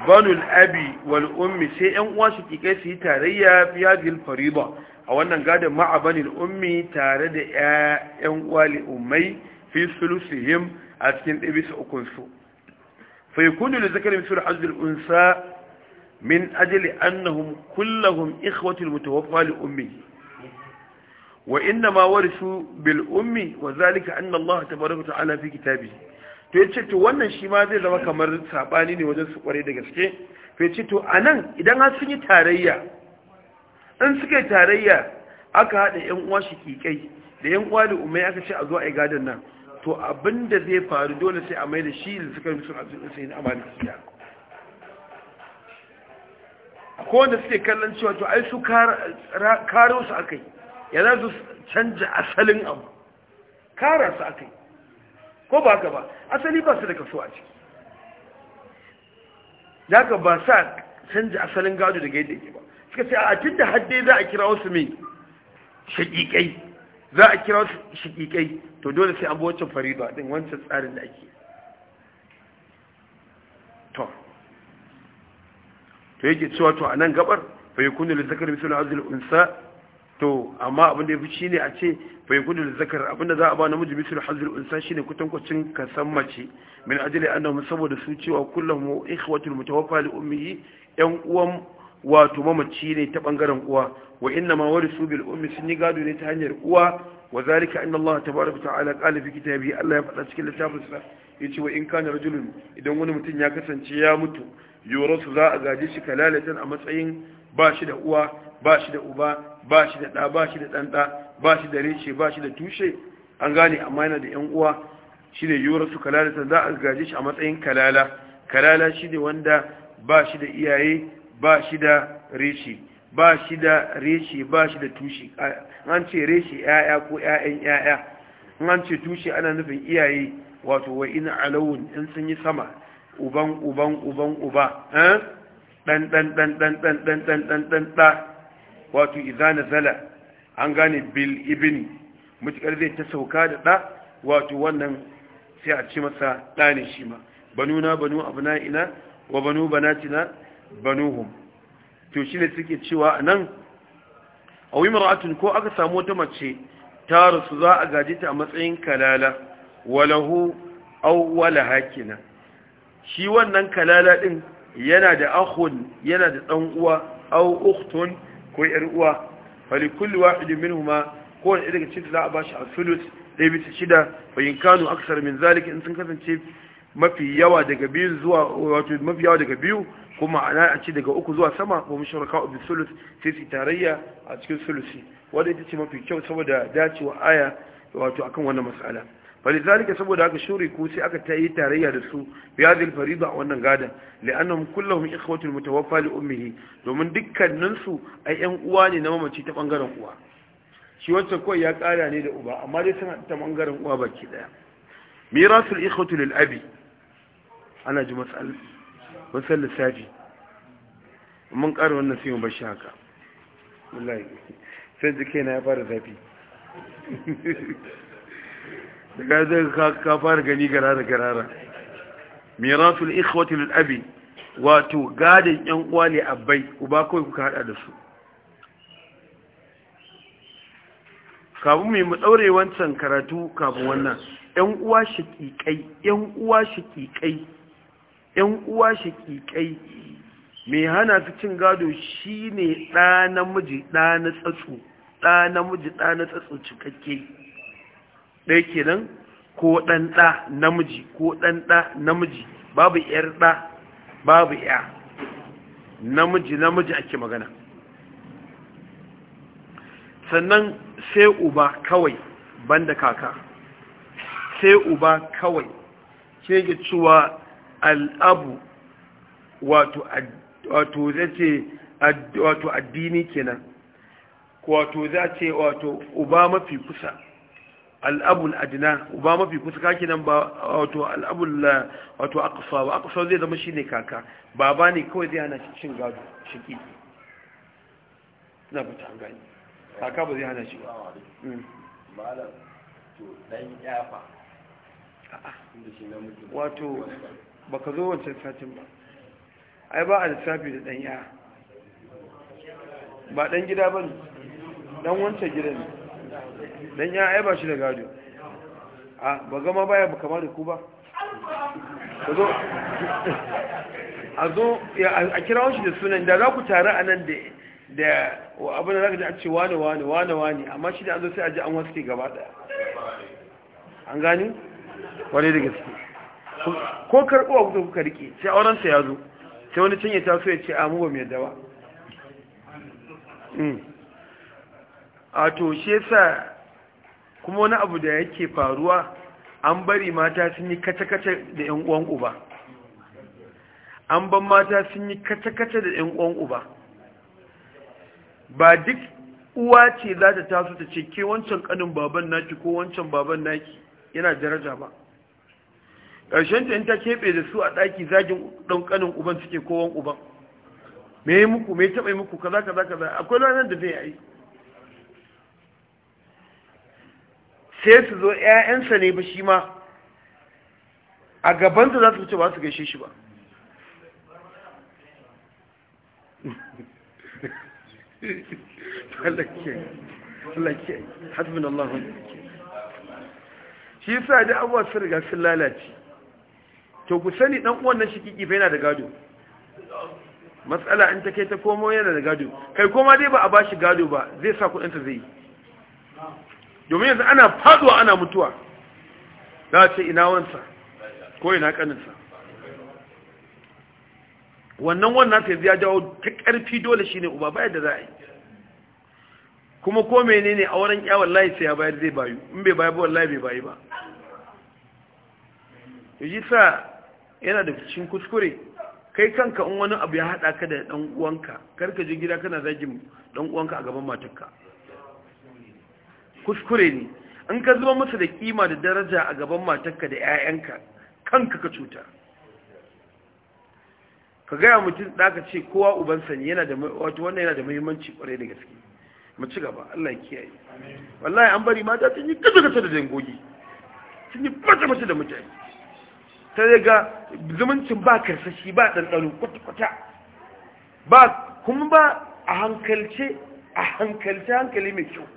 banul abi wal ummi sai yan uwa su kike su yi tarayya fi hadhihi fariida a wannan gadon ma'a banil ummi tare da yan uwa li ummai fi sulusihim a cikin ɗabi su ukun su fa yakunu li zakari mithl hazl al unsa min ajli annahum kulluhum ikhwatu al mutawaffa li ummi wa inma warisu bil ummi wa zalika anna Allah tabaaraka wa ta'ala fi kitabihi to yace ce to wannan shi ma zai zama kamar saɓani ne wajen su kware da gaske to ya to a nan idan har sun yi tarayya in suka yi tarayya aka haɗa yan uwa shikikai da yan uwa da umai aka ce a zo a yi gadon nan to abinda zai faru dole sai a mai da shi da suka rubuta a cikin amana siya ko wanda suke kallon cewa to ai su karo su akai ya za su canja asalin abu kara su akai ko ba haka ba asali ba su da kaso a ciki da haka ba sa canja asalin gado daga yadda yake ba suka ce a tun da haddai za a kira wasu mai shaƙiƙai za a kira wasu shaƙiƙai to dole sai an bi wancan a ɗin wancan tsarin da ake to to yake cewa to a nan gabar bai yakunu da zakari mislu azl unsa amma abin da ya fi shine a ce bai gudu da zakar abinda za a ba namiji bisul hazir unsa shine kutankwacin kasan mace min ajali annahum saboda su cewa kullum ikhwatul mutawaffa li ummihi yan uwan wato mamaci ne ta bangaren uwa wa inna ma warisu bil ummi sun yi gado ne ta hanyar uwa wa zalika inna Allah tabaraka ta'ala qala fi kitabihi Allah ya faɗa cikin littafin sa ce wa in kana rajulun idan wani mutum ya kasance ya mutu yurasu za a gaje shi kalalatan a matsayin ba shi da uwa ba shi da uba ba shi da ɗa ba shi da ɗanɗa ba shi da reshe ba shi da tushe an gane amma yana da 'yan uwa shi ne yiwuwar su kalala ta za a gaje shi a matsayin kalala kalala shi ne wanda ba shi da iyaye ba shi da reshe ba shi da reshe ba shi da tushe an ce reshe 'ya'ya ko 'ya'yan 'ya'ya an ce tushe ana nufin iyaye wato wa ina alawun in sun yi sama uban uban uban uba eh? ɗan ɗan ɗan ɗan ɗan ɗan ɗan ɗan ɗan wato idza nazala an gane bil ibni mutukar zai ta sauka da da wato wannan sai a ci masa ɗa ne shi ma Banu na banu ina wa banu banatina banuhum to shine suke cewa anan aw imra'atun ko aka samu wata mace ta rasu za a gaji ta a matsayin kalala walahu aw wala hakina shi wannan kalala din yana da akhun yana da dan uwa aw ukhtun ko yar uwa fali kulli wahidin minhuma ko wani daga cikin za a bashi al-thuluth ɗaya bisa shida fa in kanu aksar min zalika in sun kasance mafi yawa daga biyu zuwa wato mafi yawa daga biyu kuma ana a ci daga uku zuwa sama ko musharaka bi sulus sai su tarayya a cikin sulusi wanda ita ce mafi kyau saboda dacewa aya wato akan wannan mas'ala falizalika saboda haka shuriku sai aka tayi yi tarayya da su biyadil farida wannan gadan li'annahum kulluhum ikhwatul mutawaffa li ummihi domin dukkanin su ai yan uwa ne na mamaci ta bangaren uwa shi wancan kawai ya kara ne da uba amma dai suna ta bangaren uwa baki daya mirasul ikhwatu lil abi ana ji masal masal lissafi mun kara wannan sai mu bar shi haka wallahi sai jike na ya fara zafi (laughs) daga zai ka fara gani garara garara miratul ikhwati lil abi wato gadin yan uwa ne abai uba kawai kuka hada da su kafin mai mu daure wancan karatu kafin wannan yan uwa shakikai yan uwa shakikai yan uwa shakikai mai hana su cin gado shine ɗa namiji ɗa na tsatsu ɗa namiji ɗa na tsatsu cikakke ɗaya kenan ko ɗan ɗa namiji ko ɗan ɗa namiji babu ‘yar ɗa babu ‘ya namiji namiji ake magana sannan sai uba kawai banda kaka sai uba kawai ke ga cewa al'abu wato zace wato addini kenan wato zace wato uba mafi kusa al'abul adina uba mafi kusa kaki nan ba wato al'abul wato aqsa ba aqsa zai zama shine kaka baba ne kawai zai hana shi cin gado shiki na ba ta gani kaka ba zai hana shi mm. malam to dan yafa wato ka zo wancan satin ba ai ba a lissafi da dan ya ba dan gida ba ne. dan wancan gida ne dan ya aiba shi da gado a ba gama baya ba kamar da ku ba a zo a kira shi da sunan da za ku tare a nan da abin da za ka ji a ce wane wane wane wane amma shi da an zo sai a ji an wasu ke gaba daya an gani wane da gaske ko a kuka kuka rike sai aurensa ya zo sai wani can ya taso ya ce a mu ba mai dawa a toshe sa, kuma wani abu da yake faruwa an bari mata sun yi kace da 'yan uwan uba an ban mata sun yi kace da 'yan uwan uba ba duk uwa ce za ta taso ta ce ke wancan kanin baban naki ko wancan baban naki yana daraja ba ƙarshen ta ta keɓe da su a ɗaki zagin ɗan kanin uban suke kowan uban me yi muku me taɓa yi muku kaza kaza kaza akwai ranar da zai yi sai su zo ‘ya'yansa ne ba shi ma a gabansa za su ba su gaishe shi ba shi sa da abuwa sun riga sun lalace to ku sani ɗan uwan nan shi kikifa yana da gado matsala in ta kai ta komo yana da gado kai koma dai ba a ba shi gado ba zai sa kudinta zai yi domin yanzu ana faduwa ana mutuwa za ce ina wansa ko ina kaninsa wannan wannan ta ya jawo ta ƙarfi dole shi ne uba bayar da za a yi kuma ko mene ne a wurin ya layi sai ya bayar zai bayu in bai bayar ba layi bai bayi ba yaji sa yana da cikin kuskure kai kanka in wani abu ya haɗa ka da ɗan uwanka karka je gida kana zagin ɗan uwanka a gaban matarka kuskure ne in ka zuba musu da kima da daraja a gaban matarka da 'ya'yanka kanka ka cuta ka gaya mutum da aka ce kowa uban sanyi, yana da wato wannan yana da muhimmanci kware da gaske mu ci gaba Allah ya kiyaye wallahi an bari mata sun yi kaza kaza da dangogi sun yi fata mata da mutane ta ga zumuncin ba karsashi ba ɗanɗano kwata-kwata ba kuma ba a hankalce a hankalce hankali mai kyau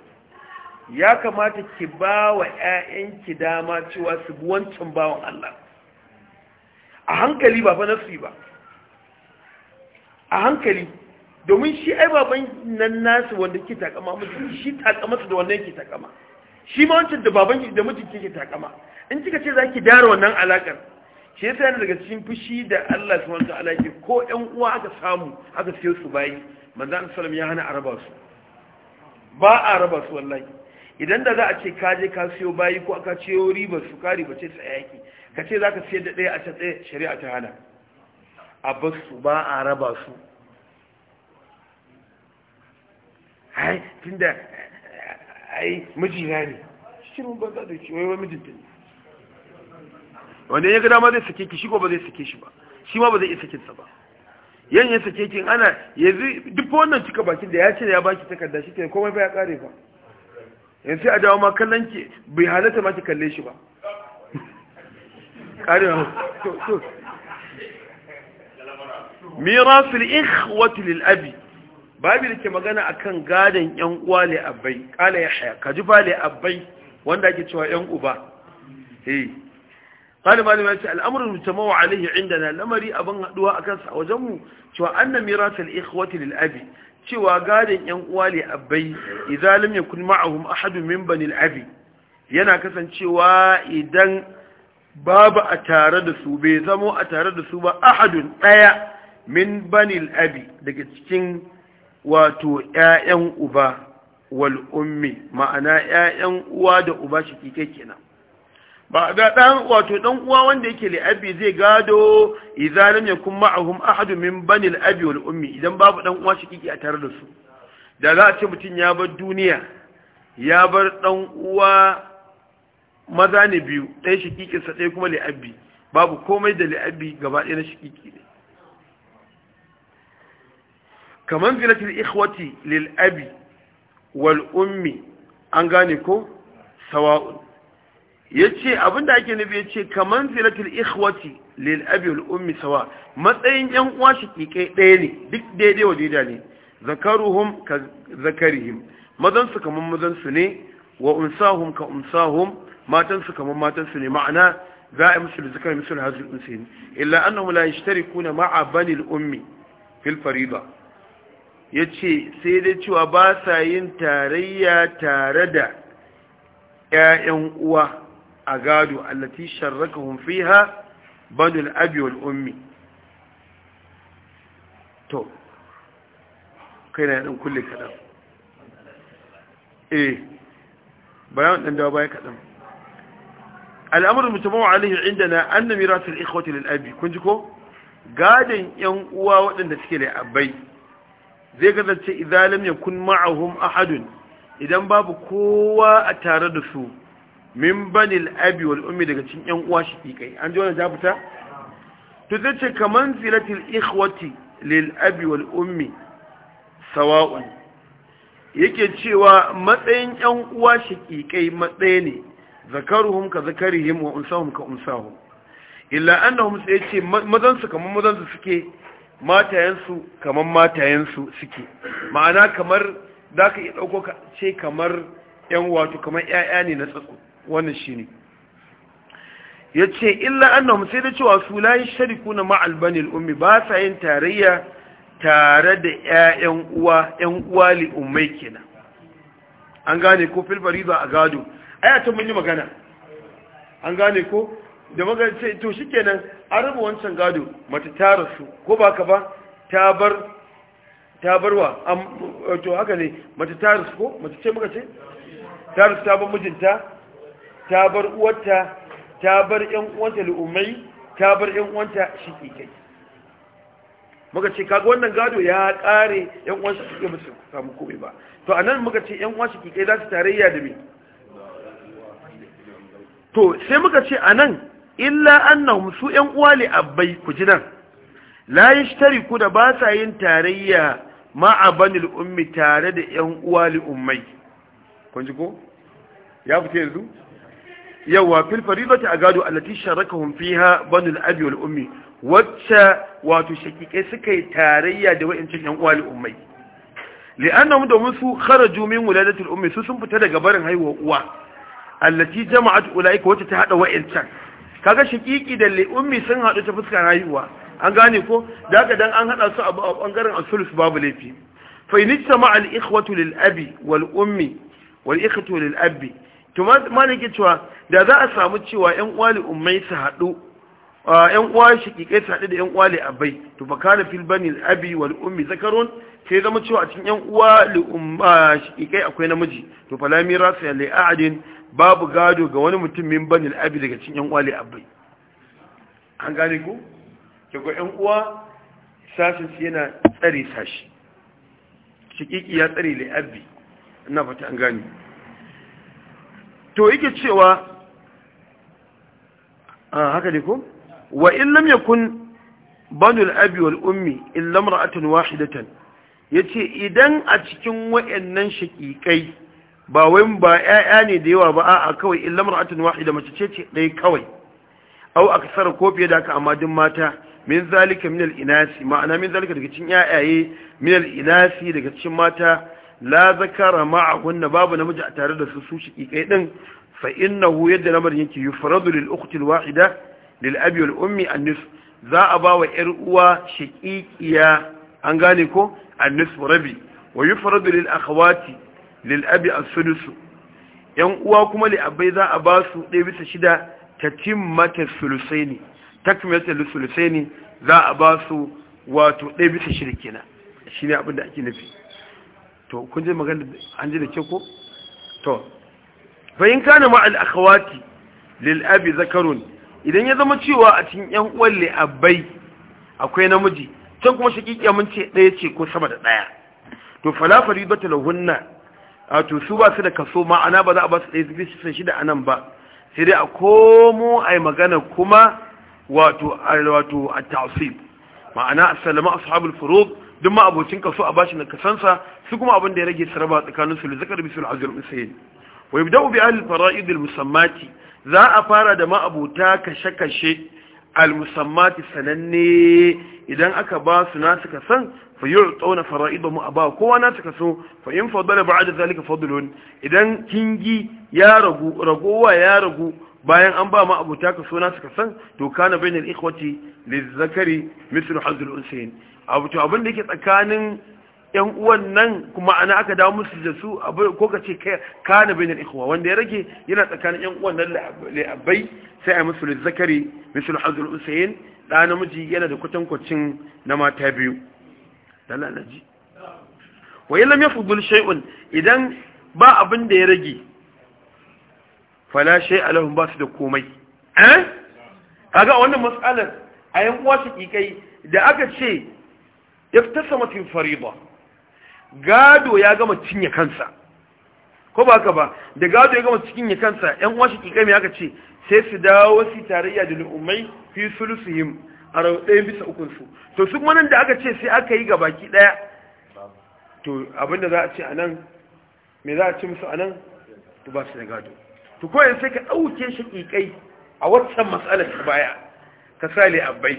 ya kamata ki ba wa 'ya'yanki dama cewa su bi wancan bawan Allah a hankali ba fa nafsi ba a hankali domin shi ai baban nan nasu wanda ke takama mutum shi takama su da wannan ke takama shi ma wancan da baban da mutum ke takama in kika ce za ki dara wannan alaƙar, shi yasa yana daga cikin fushi da Allah su wanda ta'ala ke ko ƴan uwa aka samu aka siyo su bayi manzo Allah ya hana a raba su ba a raba su wallahi idan da za a ce ka je ka siyo bayi ko aka ciyo ribar su kari ba ce tsayaki ka ce za ka siyar da ɗaya a ta tsaye shari'a ta hana a ba su ba a raba su hai tun da ai mijina ne shirin ban za da shi wai mijinta ne wanda ya gada ma zai sake ki shi ko ba zai sake shi ba shi ma ba zai iya sa ba yan ya sake kin ana yanzu duk wannan cika bakin da ya ce ya baki takarda shi ke komai ba ya kare ba yin sai a jawo ma kallon ke bai halatta ma ki kalle shi ba mirafil ikhwati lil'abi babu da ke magana akan kan gadon yan uwa le abai kala ya haya kaji ba le abai wanda ake cewa yan uba hey eh. kada ba da mace al'amurin mutumau inda na lamari abin haduwa a kansa a wajenmu cewa an na mirafil ikhwati lil'abi cewa gadin yan uwa li abai idza lam yakun ma'ahum ahadu min bani al-abi yana kasancewa idan babu a tare da su bai zamo a tare da su ba ahadu daya min bani al-abi daga cikin wato 'ya'yan uba wal ummi ma'ana 'ya'yan uwa da uba shi kike kenan ba da dan wato dan uwa wanda yake li abi zai gado idan lam yakun ma'ahum ahadun min bani al abi wal ummi idan babu dan uwa kike a tare da su da za a ce mutun ya bar duniya ya bar dan uwa maza ne biyu ɗaya kike sa dai kuma li abi babu komai da li abi gaba ɗaya na shikiki ne kaman zilatul ikhwati lil abi wal ummi an gane ko sawa'un yace abinda ake nufi yace kaman filatul ikhwati lil abi wal ummi sawa matsayin yan uwa shiqiqai daya ne duk daidai wa daidai ne zakaruhum ka zakarihim mazan su kaman mazan su ne wa unsahum ka unsahum matan su kaman matan su ne ma'ana za a musu zakar musu hazil unsin illa annahum la yashtarikuna ma'a bani al ummi fil fariba yace sai dai cewa ba sa yin tarayya tare da ƴaƴan uwa a gado allati sharrakahum fiha banul abi wal ummi to kai na dan kulle kadan eh bayan dan dawo baya kadan al'amru mutabawu alaihi indana anna mirasul ikhwati lil abi kun ji ko gadan yan uwa wadanda suke da abai zai kasance idan lam yakun ma'ahum ahadun idan babu kowa a tare da su min banil abi wal ummi daga cikin yan uwa kai an ji wannan ta fita to ce kaman zilatil ikhwati lil abi wal ummi sawa'un yake cewa matsayin yan uwa shi kai matsayi ne zakaruhum ka zakarihim wa unsahum ka unsahum illa annahum sai ce mazan su kaman mazan su suke matayen su kaman matayen su suke ma'ana kamar zaka iya dauko ka ce kamar yan wato kamar ƴaƴa ne na tsatsu wannan ya yace illa annahum sai da cewa su la yashrikuna ma'al banil ummi ba sa yin tarayya tare da ƴaƴan uwa ƴan uwa li ummai kenan an gane ko filfari ba a gado aya ta mun yi magana an gane ko da magana ce to shikenan an raba wancan gado mata ta rasu ko ba ka ba ta bar ta barwa to haka ne mata ta rasu ko mata ce muka ce ta rasu ta bar mijinta ta bar uwarta ta bar ƴan uwanta lu'ummai ta bar ƴan uwanta kai muka ce kaga wannan gado ya kare ƴan uwan shi ba musu samu kome ba to anan muka ce ƴan uwan kai za su tarayya da me to sai muka ce anan illa annahum su ƴan uwa li abbai ku ji nan la yashtariku da ba sa yin tarayya ma abanil ummi tare da ƴan uwa li ummai kun ji ko ya fita yanzu yawa fil faridati agado allati sharakahum fiha banu ha abi wal ummi wacce wato shakike suka yi tarayya da wayancin yan uwa ummai li'annahum domin su kara jumin wuladati da ummi su sun fita daga barin haihuwa uwa allati jama'at ulaika wacce ta hada wayancan kaga shakiki da ummi sun hadu ta fuskar haihuwa an gane ko da haka dan an hada su a bangaren asulus babu laifi fa in ijtama al-ikhwatu lil-abi wal ummi abi to maliki cewa da za a samu cewa yan uwali ummai su haɗu yan uwa shiƙiƙai su haɗu da yan uwa abai to fa kana fil bani abi wal ummi zakarun sai zama cewa a cikin yan uwa li umma shiƙiƙai akwai namiji to fa la mirasa li a'din babu gado ga wani mutum min bani abi daga cikin yan uwa abai an gane ko kaga yan uwa sashin yana tsare sashi shiƙiƙi ya tsare li abi ina fata an gane to yake cewa a haka ne ko wa in lam yakun banul abi wal ummi illa imra'atun wahidatan yace idan a cikin wayannan shakikai ba wai ba 'ya'ya ne da yawa ba a'a kawai illa imra'atun wahida mace ce ce dai kawai aw aksar ko fiye da haka amma din mata min zalika min al-inasi ma'ana min zalika daga cikin ƴaƴaye min al-inasi daga cikin mata la zakara ma'ahunna babu namiji a tare da su su shi kai din fa innahu yadda lamarin yake yufradu lil ukhti al wahida lil abi wal ummi an za a ba wa yar uwa shiqiqiya an gane ko an rabi wa yufradu lil akhawati lil abi sudus yan uwa kuma li abai za a ba su ɗaya bisa shida tatimmatu sulusaini takmilata sulusaini za a ba su wato ɗaya bisa shirkina shine abin da ake nufi to kun je magana an ji da ke ko to fa in kana ma al akhawati lil abi zakarun idan ya zama cewa a cikin yan uwan li'abai abai akwai namiji can kuma kike mun ce daya ce ko sama da daya to fala faridatu lahunna a to su ba su da kaso ma'ana ba za a ba su ɗaya su shi da anan ba sai dai a komo ai magana kuma wato wato a ta'asib ma'ana salama ashabul furuq duk ma abocin kaso a bashi na kasansa su kuma abin da ya rage saraba tsakanin su zakar bisul azir usayn wa yabda'u bi ahli fara'id al musammati za a fara da abota kashe kashe al musammati sananne idan aka ba su na suka san fa yu'tuna a aba kowa na suka so fa in fadala ba'da zalika fadlun idan kingi ya ragu ragowa ya ragu bayan an ba ma abuta kasan suna suka san to kana bainal ikhwati lizakari mithlu hazl unsayn abu abin da yake tsakanin ƴan uwan nan kuma ana aka dawo musu da su ko ka ce kana bainar ikhwa wanda ya rage yana tsakanin ƴan uwan nan labai sai a musu zakari misal hazul usayn da namiji yana da kwatankwacin na mata biyu dalalaji wa yallam yafdul shay'un idan ba abin da ya rage fala shay'a lahum ba su da komai eh kaga wannan mas'alar a yan uwa su kikai da aka ce iftasamatin farida gado ya gama cinye kansa ko ba haka ba da gado ya gama cinye kansa yan uwa shi kai me aka ce sai su dawo wasu tarayya da ummai fi sulusuhum a ɗayan bisa ukun su to su kuma nan da aka ce sai aka yi gabaki daya to abinda za a ce anan me za a ce musu anan to ba su da gado to ko yanzu sai ka dauke shi kai a waccan matsalar baya ka sale abai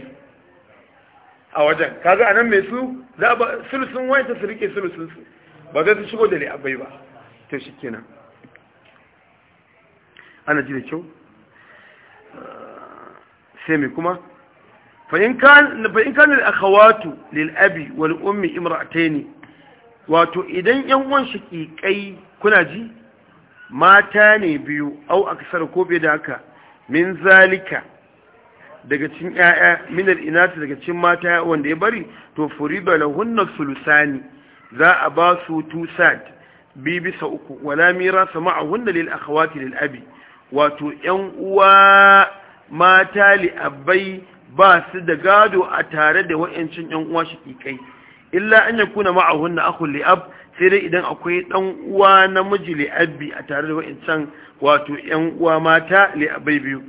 a wajen kaga anan mai su za ba sulusun wayanta su rike sulusun su ba zai su shigo da abai ba to shi kenan ana ji da kyau sai mai kuma fa'in kanin akhawatu lil'abi wal ummi imra'ataini wato idan yan uwan shakikai kuna ji mata ne biyu au aksar ko bai da haka min zalika daga cikin ƴaƴa minal inati daga cikin mata wanda ya bari to furida lahunna sulusani za a ba su tusat bi bisa uku wala mirasa ma'ahunna lil akhawati lil abi wato ƴan uwa mata li abai ba su da gado a tare da wa'ancin ƴan uwa shi kai illa an yakuna ma'ahunna akhu li ab sai dai idan akwai ɗan uwa namiji li abi a tare da wa'ancan wato ƴan uwa mata li abai biyu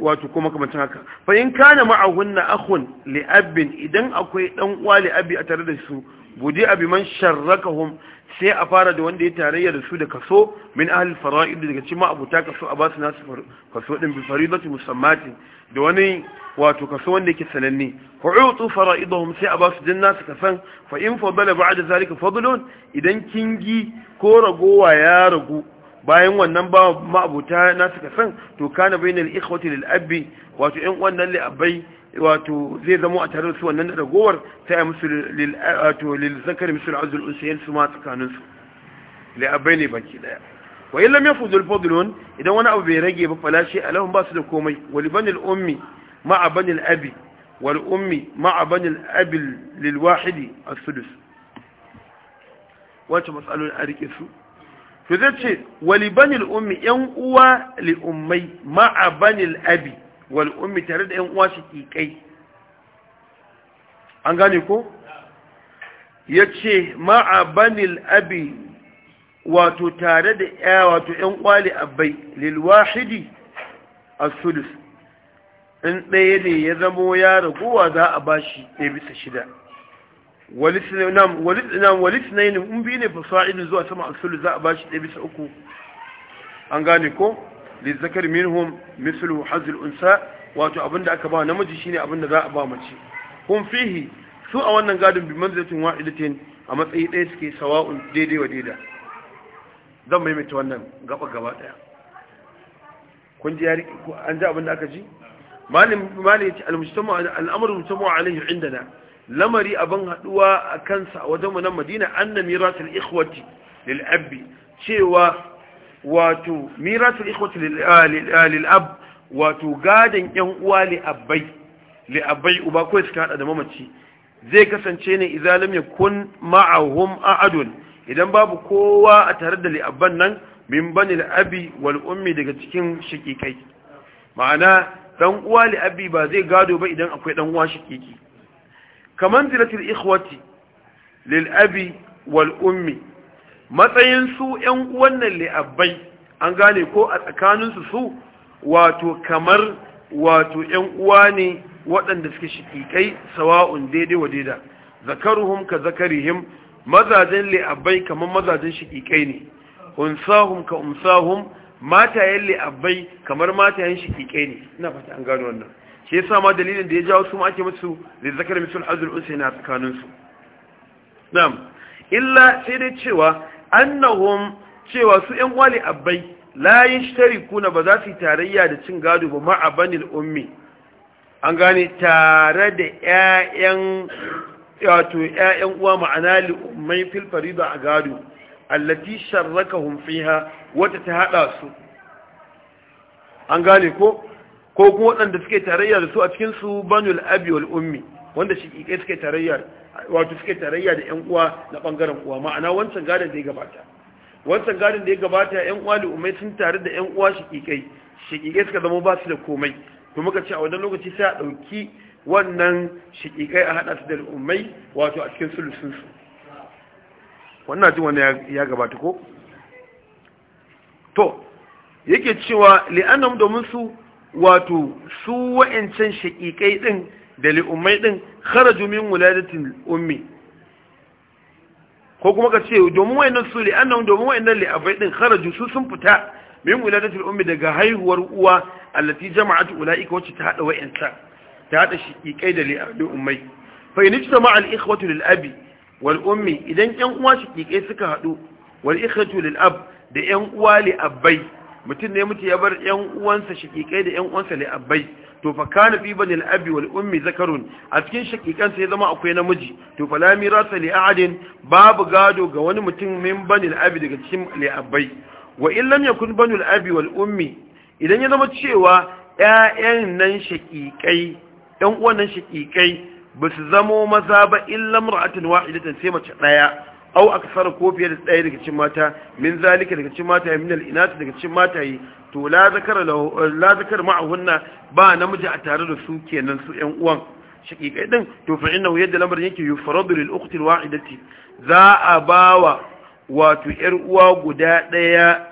wato kuma tun haka fa in kana ma'ahunna akhun li abin idan akwai dan uwa li abi a tare da su budi abi man sharrakahum sai a fara da wanda ya tarayya da su da kaso min ahli fara'id daga cikin ma'abuta kaso a basu nasu kaso din bi faridati musammati da wani wato kaso wanda yake sananne fa'utu fara'idahum sai a basu din nasu kafan fa in fadala ba'da zalika fadlun idan kingi ko ragowa ya ragu bayan wannan ba ma'abuta na suka san to kana bainal ikhwati lil abi wato in wannan li abai wato zai zama a tare da su wannan ragowar ta yi musu lil wato lil zakari musu azul usayn su ma tsakanin su li abai ne baki daya wa illam yafudul fadlun idan wani abu bai rage ba falashi alahum ba su da komai wal banil ummi ma'a banil abi wal ummi ma'a banil abi lil wahidi as-sudus wato matsalolin a rike su to zai ce wali banil ummi yan uwa li ummai ma'a banil abi wal ummi tare da yan uwa shi kikai an gane ko ya ce ma'a banil abi wato tare da ya wato yan uwa li abai lil wahidi as in ɗaya ne ya zamo ya ragowa za a bashi ɗaya bisa shida walisnayin in biyu ne fasa'ilin zuwa sama a asulu za a ba shi ɗaya bisa uku an gane ko lizzakar minhum mislu hazil unsa wato abinda aka ba namiji shine abinda za a ba mace kun fihi su a wannan gadon bi manzilatin wa'idatin a matsayi ɗaya suke sawa'un daidai wa daida zan maimaita wannan gaba gaba ɗaya kun ji yari an ji abinda aka ji malin malin al'amuru mutamu alaihi indana lamari abin haduwa a kansa a wajen nan madina anna miratul ikhwati lil cewa wato miratul ikhwati lil ah, ah, wato gadan yan uwa li'abai abbai uba ko suka hada da mamaci zai kasance ne idza lam yakun ma'ahum a'adun idan babu kowa a tare da li'aban nan min bani li abi wal ummi daga cikin shikikai ma'ana dan uwa li'abi ba zai gado ba idan akwai dan uwa shikiki kaman zilatul ikhwati lil abi wal ummi matsayin su yan uwan nan li an gane ko a tsakaninsu su wato kamar wato yan uwa ne waɗanda suke shiƙiƙai sawa'un daidai wa daida zakaruhum ka zakarihim mazajen li kamar mazajen shiƙiƙai ne unsahum ka umsahum matayen li'abbai kamar matayen shiƙiƙe ne ina fata an gano wannan shi yasa ma dalilin da ya jawo su ma ake musu da zakar misul azul usaini na tsakanin su na'am illa sai dai cewa annahum cewa su yan wali abbai la kuna ba za su yi tarayya da cin gado ba ma'a banil ummi an gane tare da ƴaƴan wato ƴaƴan uwa ma'ana li ummai fil farida a gado allati sharrakahum fiha wata ta hada su an gane ko ko kuma waɗanda suke tarayya da su a cikin su banul abi wal ummi wanda shi ke suke tarayya wato suke tarayya da ƴan uwa na bangaren uwa ma'ana wancan gadan da ya gabata wancan gadan da ya gabata ƴan uwa da umai sun tare da ƴan uwa shi shiƙiƙai suka zama ba su da komai to muka ce a wannan lokaci sai a ɗauki wannan shiƙiƙai a hada su da ummai wato a cikin sulusun su wannan jin wani ya gabata ko to yake cewa li'annam domin su wato su wa'ancan shaƙiƙai ɗin da li'ummai ɗin kharaju min wuladatin ummi ko kuma ka ce domin wa'annan su li'annam domin wa'annan li'abai ɗin kharaju su sun fita min wuladatin ummi daga haihuwar uwa allati jama'at ulaika wacce ta hada wa'ancan ta hada shaƙiƙai da li'ummai fa in ijtama al ikhwatu lil abi wal ummi idan yan uwa shiqiqai suka haɗu, wal ikhatu lil ab da yan uwa li abbai mutum ne mutu ya bar yan uwansa shiqiqai da yan uwansa li abbai to fa kana fi banil abi wal ummi zakarun a cikin shakikan sai zama akwai namiji to fa la mirasa li ahadin babu gado ga wani mutum min banil abi daga cikin li abbai wa in lam yakun banul abi wal ummi idan ya zama cewa ƴaƴan nan shakikai ƴan uwan nan shakikai ba su zamo maza ba illa mar'atin wahidatan sai mace daya au aksara ko fiye da daya daga cikin mata min zalika daga cikin mata min al-inat daga cikin mata yi to la zakara la zakar ma'ahunna ba namiji a tare da su kenan su ƴan uwan shakikai din to fa innahu yadda lamarin yake yufaradu lil ukhti al-wahidati za a bawa wato 'yar uwa guda daya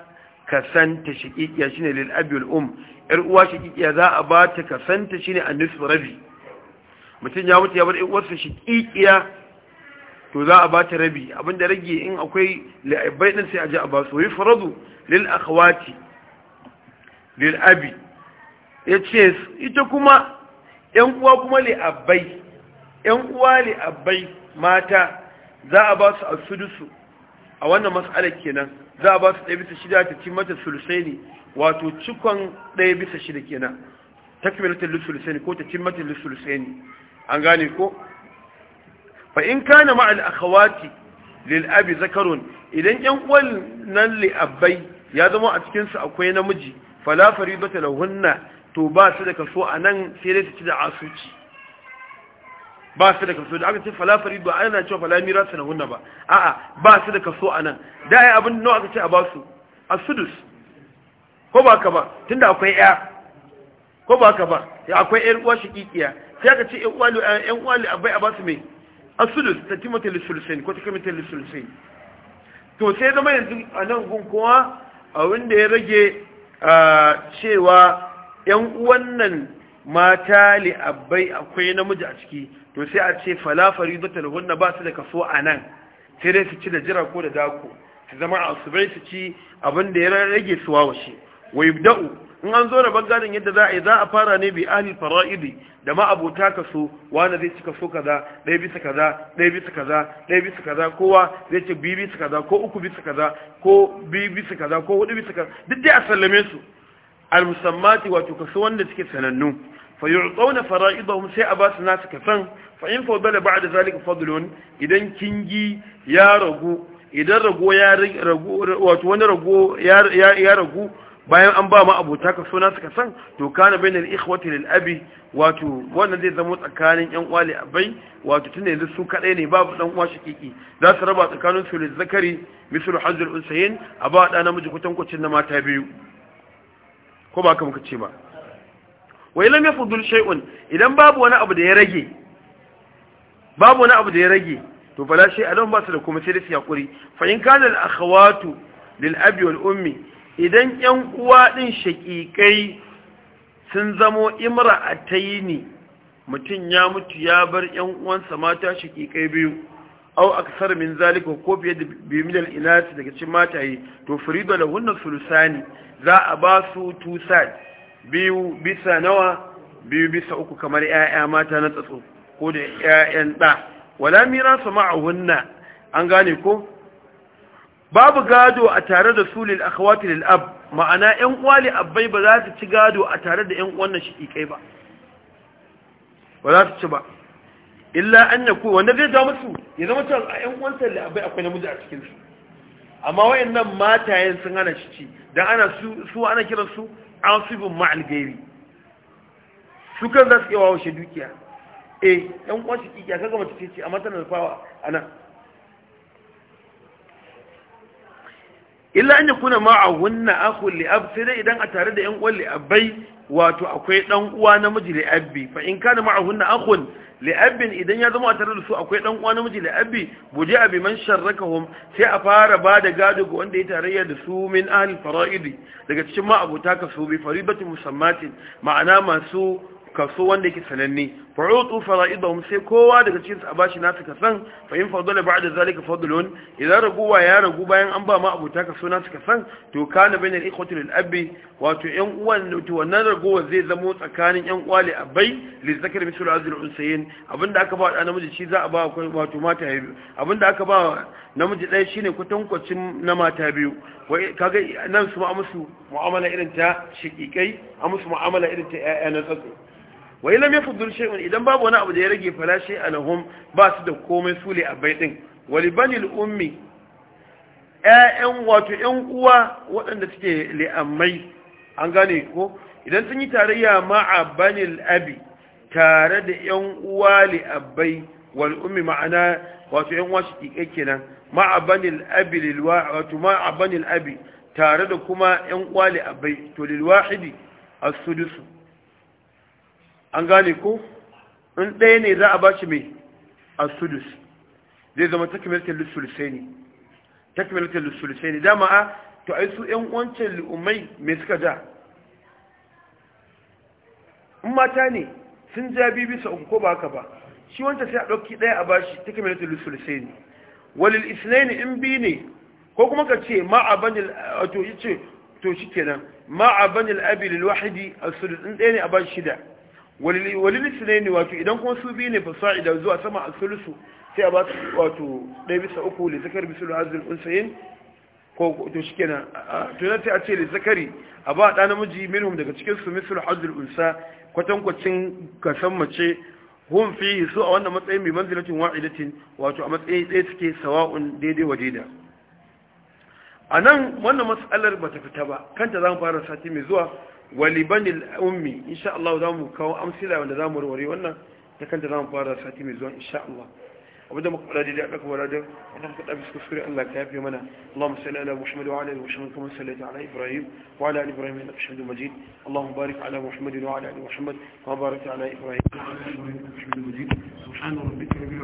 kasanta shaqiqiya shine lil abi wal um ƴar uwa shaqiqiya za a ba ta kasanta shine an-nisfu rabi mutum ya mutu ya bar uwarsa shi kikiya to za a bata rabi abinda rage in akwai laibai din sai a ji a ba su yufradu lil akhwati lil abi yace ita kuma yan uwa kuma li'abai yan uwa li'abai mata za a ba su asudusu a wannan mas'alar kenan za a ba su ɗaya bisa shida ta cimata sulusai ne wato cikon ɗaya bisa shida kenan takmilatul sulusai ko ta cimata mata ne an gane ko fa in kana ma al akhawati lil abi zakarun idan yan uwan nan li abai ya zama a cikin su akwai namiji fala faribata lahunna to ba su da kaso anan sai dai su ci da asuci ba su da kaso da aka ce fala faribu ana cewa fala mirasu lahunna ba a'a ba su da kaso anan da ai abin nawa aka ce a ba su asudus ko ba ka ba tunda akwai ya ko ba ka ba akwai yar uwa shikikiya sai aka ce ‘yan eh, abai a basu mai asulus ta timata lissulsin ko ta kamata lissulsin to sai zama yanzu a nan gun kowa da ya rage cewa ‘yan uwan nan mata bai akwai namiji a ciki to sai a ce falafari zata na ba su da kaso a nan sai dai su ci da jira ko da dako su zama a su bai su ci abin da ya rage su wawashe wai da'u in an zo da bangaren yadda za a yi za a fara ne bi ahli fara'idi da ma abota so wani zai ci kaso kaza ɗaya bisa kaza ɗaya bisa kaza ɗaya bisa kaza kowa zai ci biyu bisa kaza ko uku bisa kaza ko biyu bisa kaza ko hudu bisa kaza duk dai a sallame su al-musammati wato so wanda suke sanannu fa fara'idi ba sai a ba su nasu san fa in fadala ba'da zalika fadlun idan kingi ya ragu idan rago ya ragu wato wani rago ya ragu bayan an ba ma abota ka suna suka san to kana na ikhwati lil abi wato wannan zai zama tsakanin yan uwa abai wato tunda yanzu su kadai ne babu dan uwa shakiki za su raba tsakanin su lil zakari mislu hazul unsayin a ba da namiji kutan kucin na mata biyu ko ba ka muka ce ba wai lam yafdul shay'un idan babu wani abu da ya rage babu wani abu da ya rage to fala shay adam ba su da kuma sai da su yakuri fa in kana al akhawatu lil abi wal ummi idan ‘yan uwa ɗin shaƙiƙai sun zamo imra a ta yi mutum ya mutu ya bar ‘yan uwansa mata shaƙiƙai biyu au aksar min zalika ko fiye da bimilal inati daga cikin mataye to firido da hunna sulusani za a ba su tusad biyu bisa nawa biyu bisa uku kamar ‘ya'ya mata na tsatso ko da ‘ya'yan ɗa wala mira a Wunna, an gane ko babu gado a tare da su lil akhawati lil ab ma'ana ƴan uwa abbai ba za su ci gado a tare da ƴan uwan shi kai ba ba za su ci ba illa an yaku wanda zai ja musu ya zama cewa a ƴan uwansa da abbai akwai namiji a cikin su amma wayannan matayen sun hana shi ci dan ana su su ana kiran su asibun ma'al gairi su kan za su iya wawo shi dukiya eh ƴan uwan shi kiya kaga mace ce amma tana da fawa anan illa an yakuna ma'ahunna akhu li dai idan a tare da yan uwan li wato akwai dan uwa namiji li abbi fa in kana ma'ahunna akhun li idan ya zama a tare da su akwai dan uwa namiji li abi buje abi man sharrakahum sai a fara ba da gado ga wanda ya tarayya da su min ahli fara'idi daga cikin ma'abuta abota ka su bi faribatin musammatin ma'ana masu kaso wanda yake sananne fa'utu fara'idahum sai kowa daga cikin su a bashi nasu kasan fa in fadala ba'da zalika fadlun idan raguwa ya ragu bayan an ba ma abuta kaso nasu kasan to kana bainal ikhwati lil abi wato yan uwan to wannan raguwa zai zamo tsakanin yan uwali abai li zakar misul azil unsayin abinda aka ba namiji shi za a ba wato mata biyu abinda aka ba namiji dai shine kwatankwacin na mata biyu kaga nan su ma musu mu'amala irin ta shiƙiƙai a musu mu'amala irin ta ƴaƴa na tsatsi wa ilam yafdul shay'un idan babu wani abu da ya rage fala shay alahum ba su da komai sule a bai din wali banil ummi ayan wato yan uwa waɗanda suke li'ammai an gane ko idan sun yi tarayya ma'a banil abi tare da yan uwa abai wal ummi ma'ana wato yan uwa shi kenan ma'a banil abi lilwa wato ma'a banil abi tare da kuma yan uwa abai to wahidi as sudus an gane ko in ɗaya ne za a ba shi mai a sudus zai zama takmilatan lissulusai ne takmilatan lissulusai ne dama a to ai su yan wancan li'ummai me suka ja in mata ne sun ja biyu bisa uku ko ba haka ba shi wancan sai a ɗauki ɗaya a ba shi takmilatan lissulusai ne walil ne in bi ne ko kuma ka ce ma a ban to shi kenan ma a banil abi lil wahidi a sudus in ɗaya ne a ba shi shida walil sunaini wato idan kuma su biyu ne idan zuwa sama a sulusu sai a ba su wato ɗaya bisa uku li zakari bisa lu'azin unsayin ko to kenan to sai a ce li zakari a ba ɗa namiji minhum daga cikin su misal hazin unsa kwatankwacin kasan mace hun fi su a wannan matsayin mai manzilatin wa'idatin wato a matsayin ɗaya suke sawa'un daidai wa daida a nan wannan matsalar ba ta fita ba kanta za mu fara sati mai zuwa walibanil ummi insha Allah za mu kawo amsila wanda za mu warware wannan ta kanta za mu fara sati mai zuwa insha Allah abu da muka daidai a ɗaka waradar wanda muka ɗabi suka suri Allah ka yafe mana Allahumma salli ala Muhammad wa ala ali kuma sallaita ala Ibrahim wa ala ali Ibrahim innaka Hamidum Majid Allahumma barik ala Muhammad wa ala ali Muhammad kama barakta ala Ibrahim wa ala ali Muhammad Subhana rabbika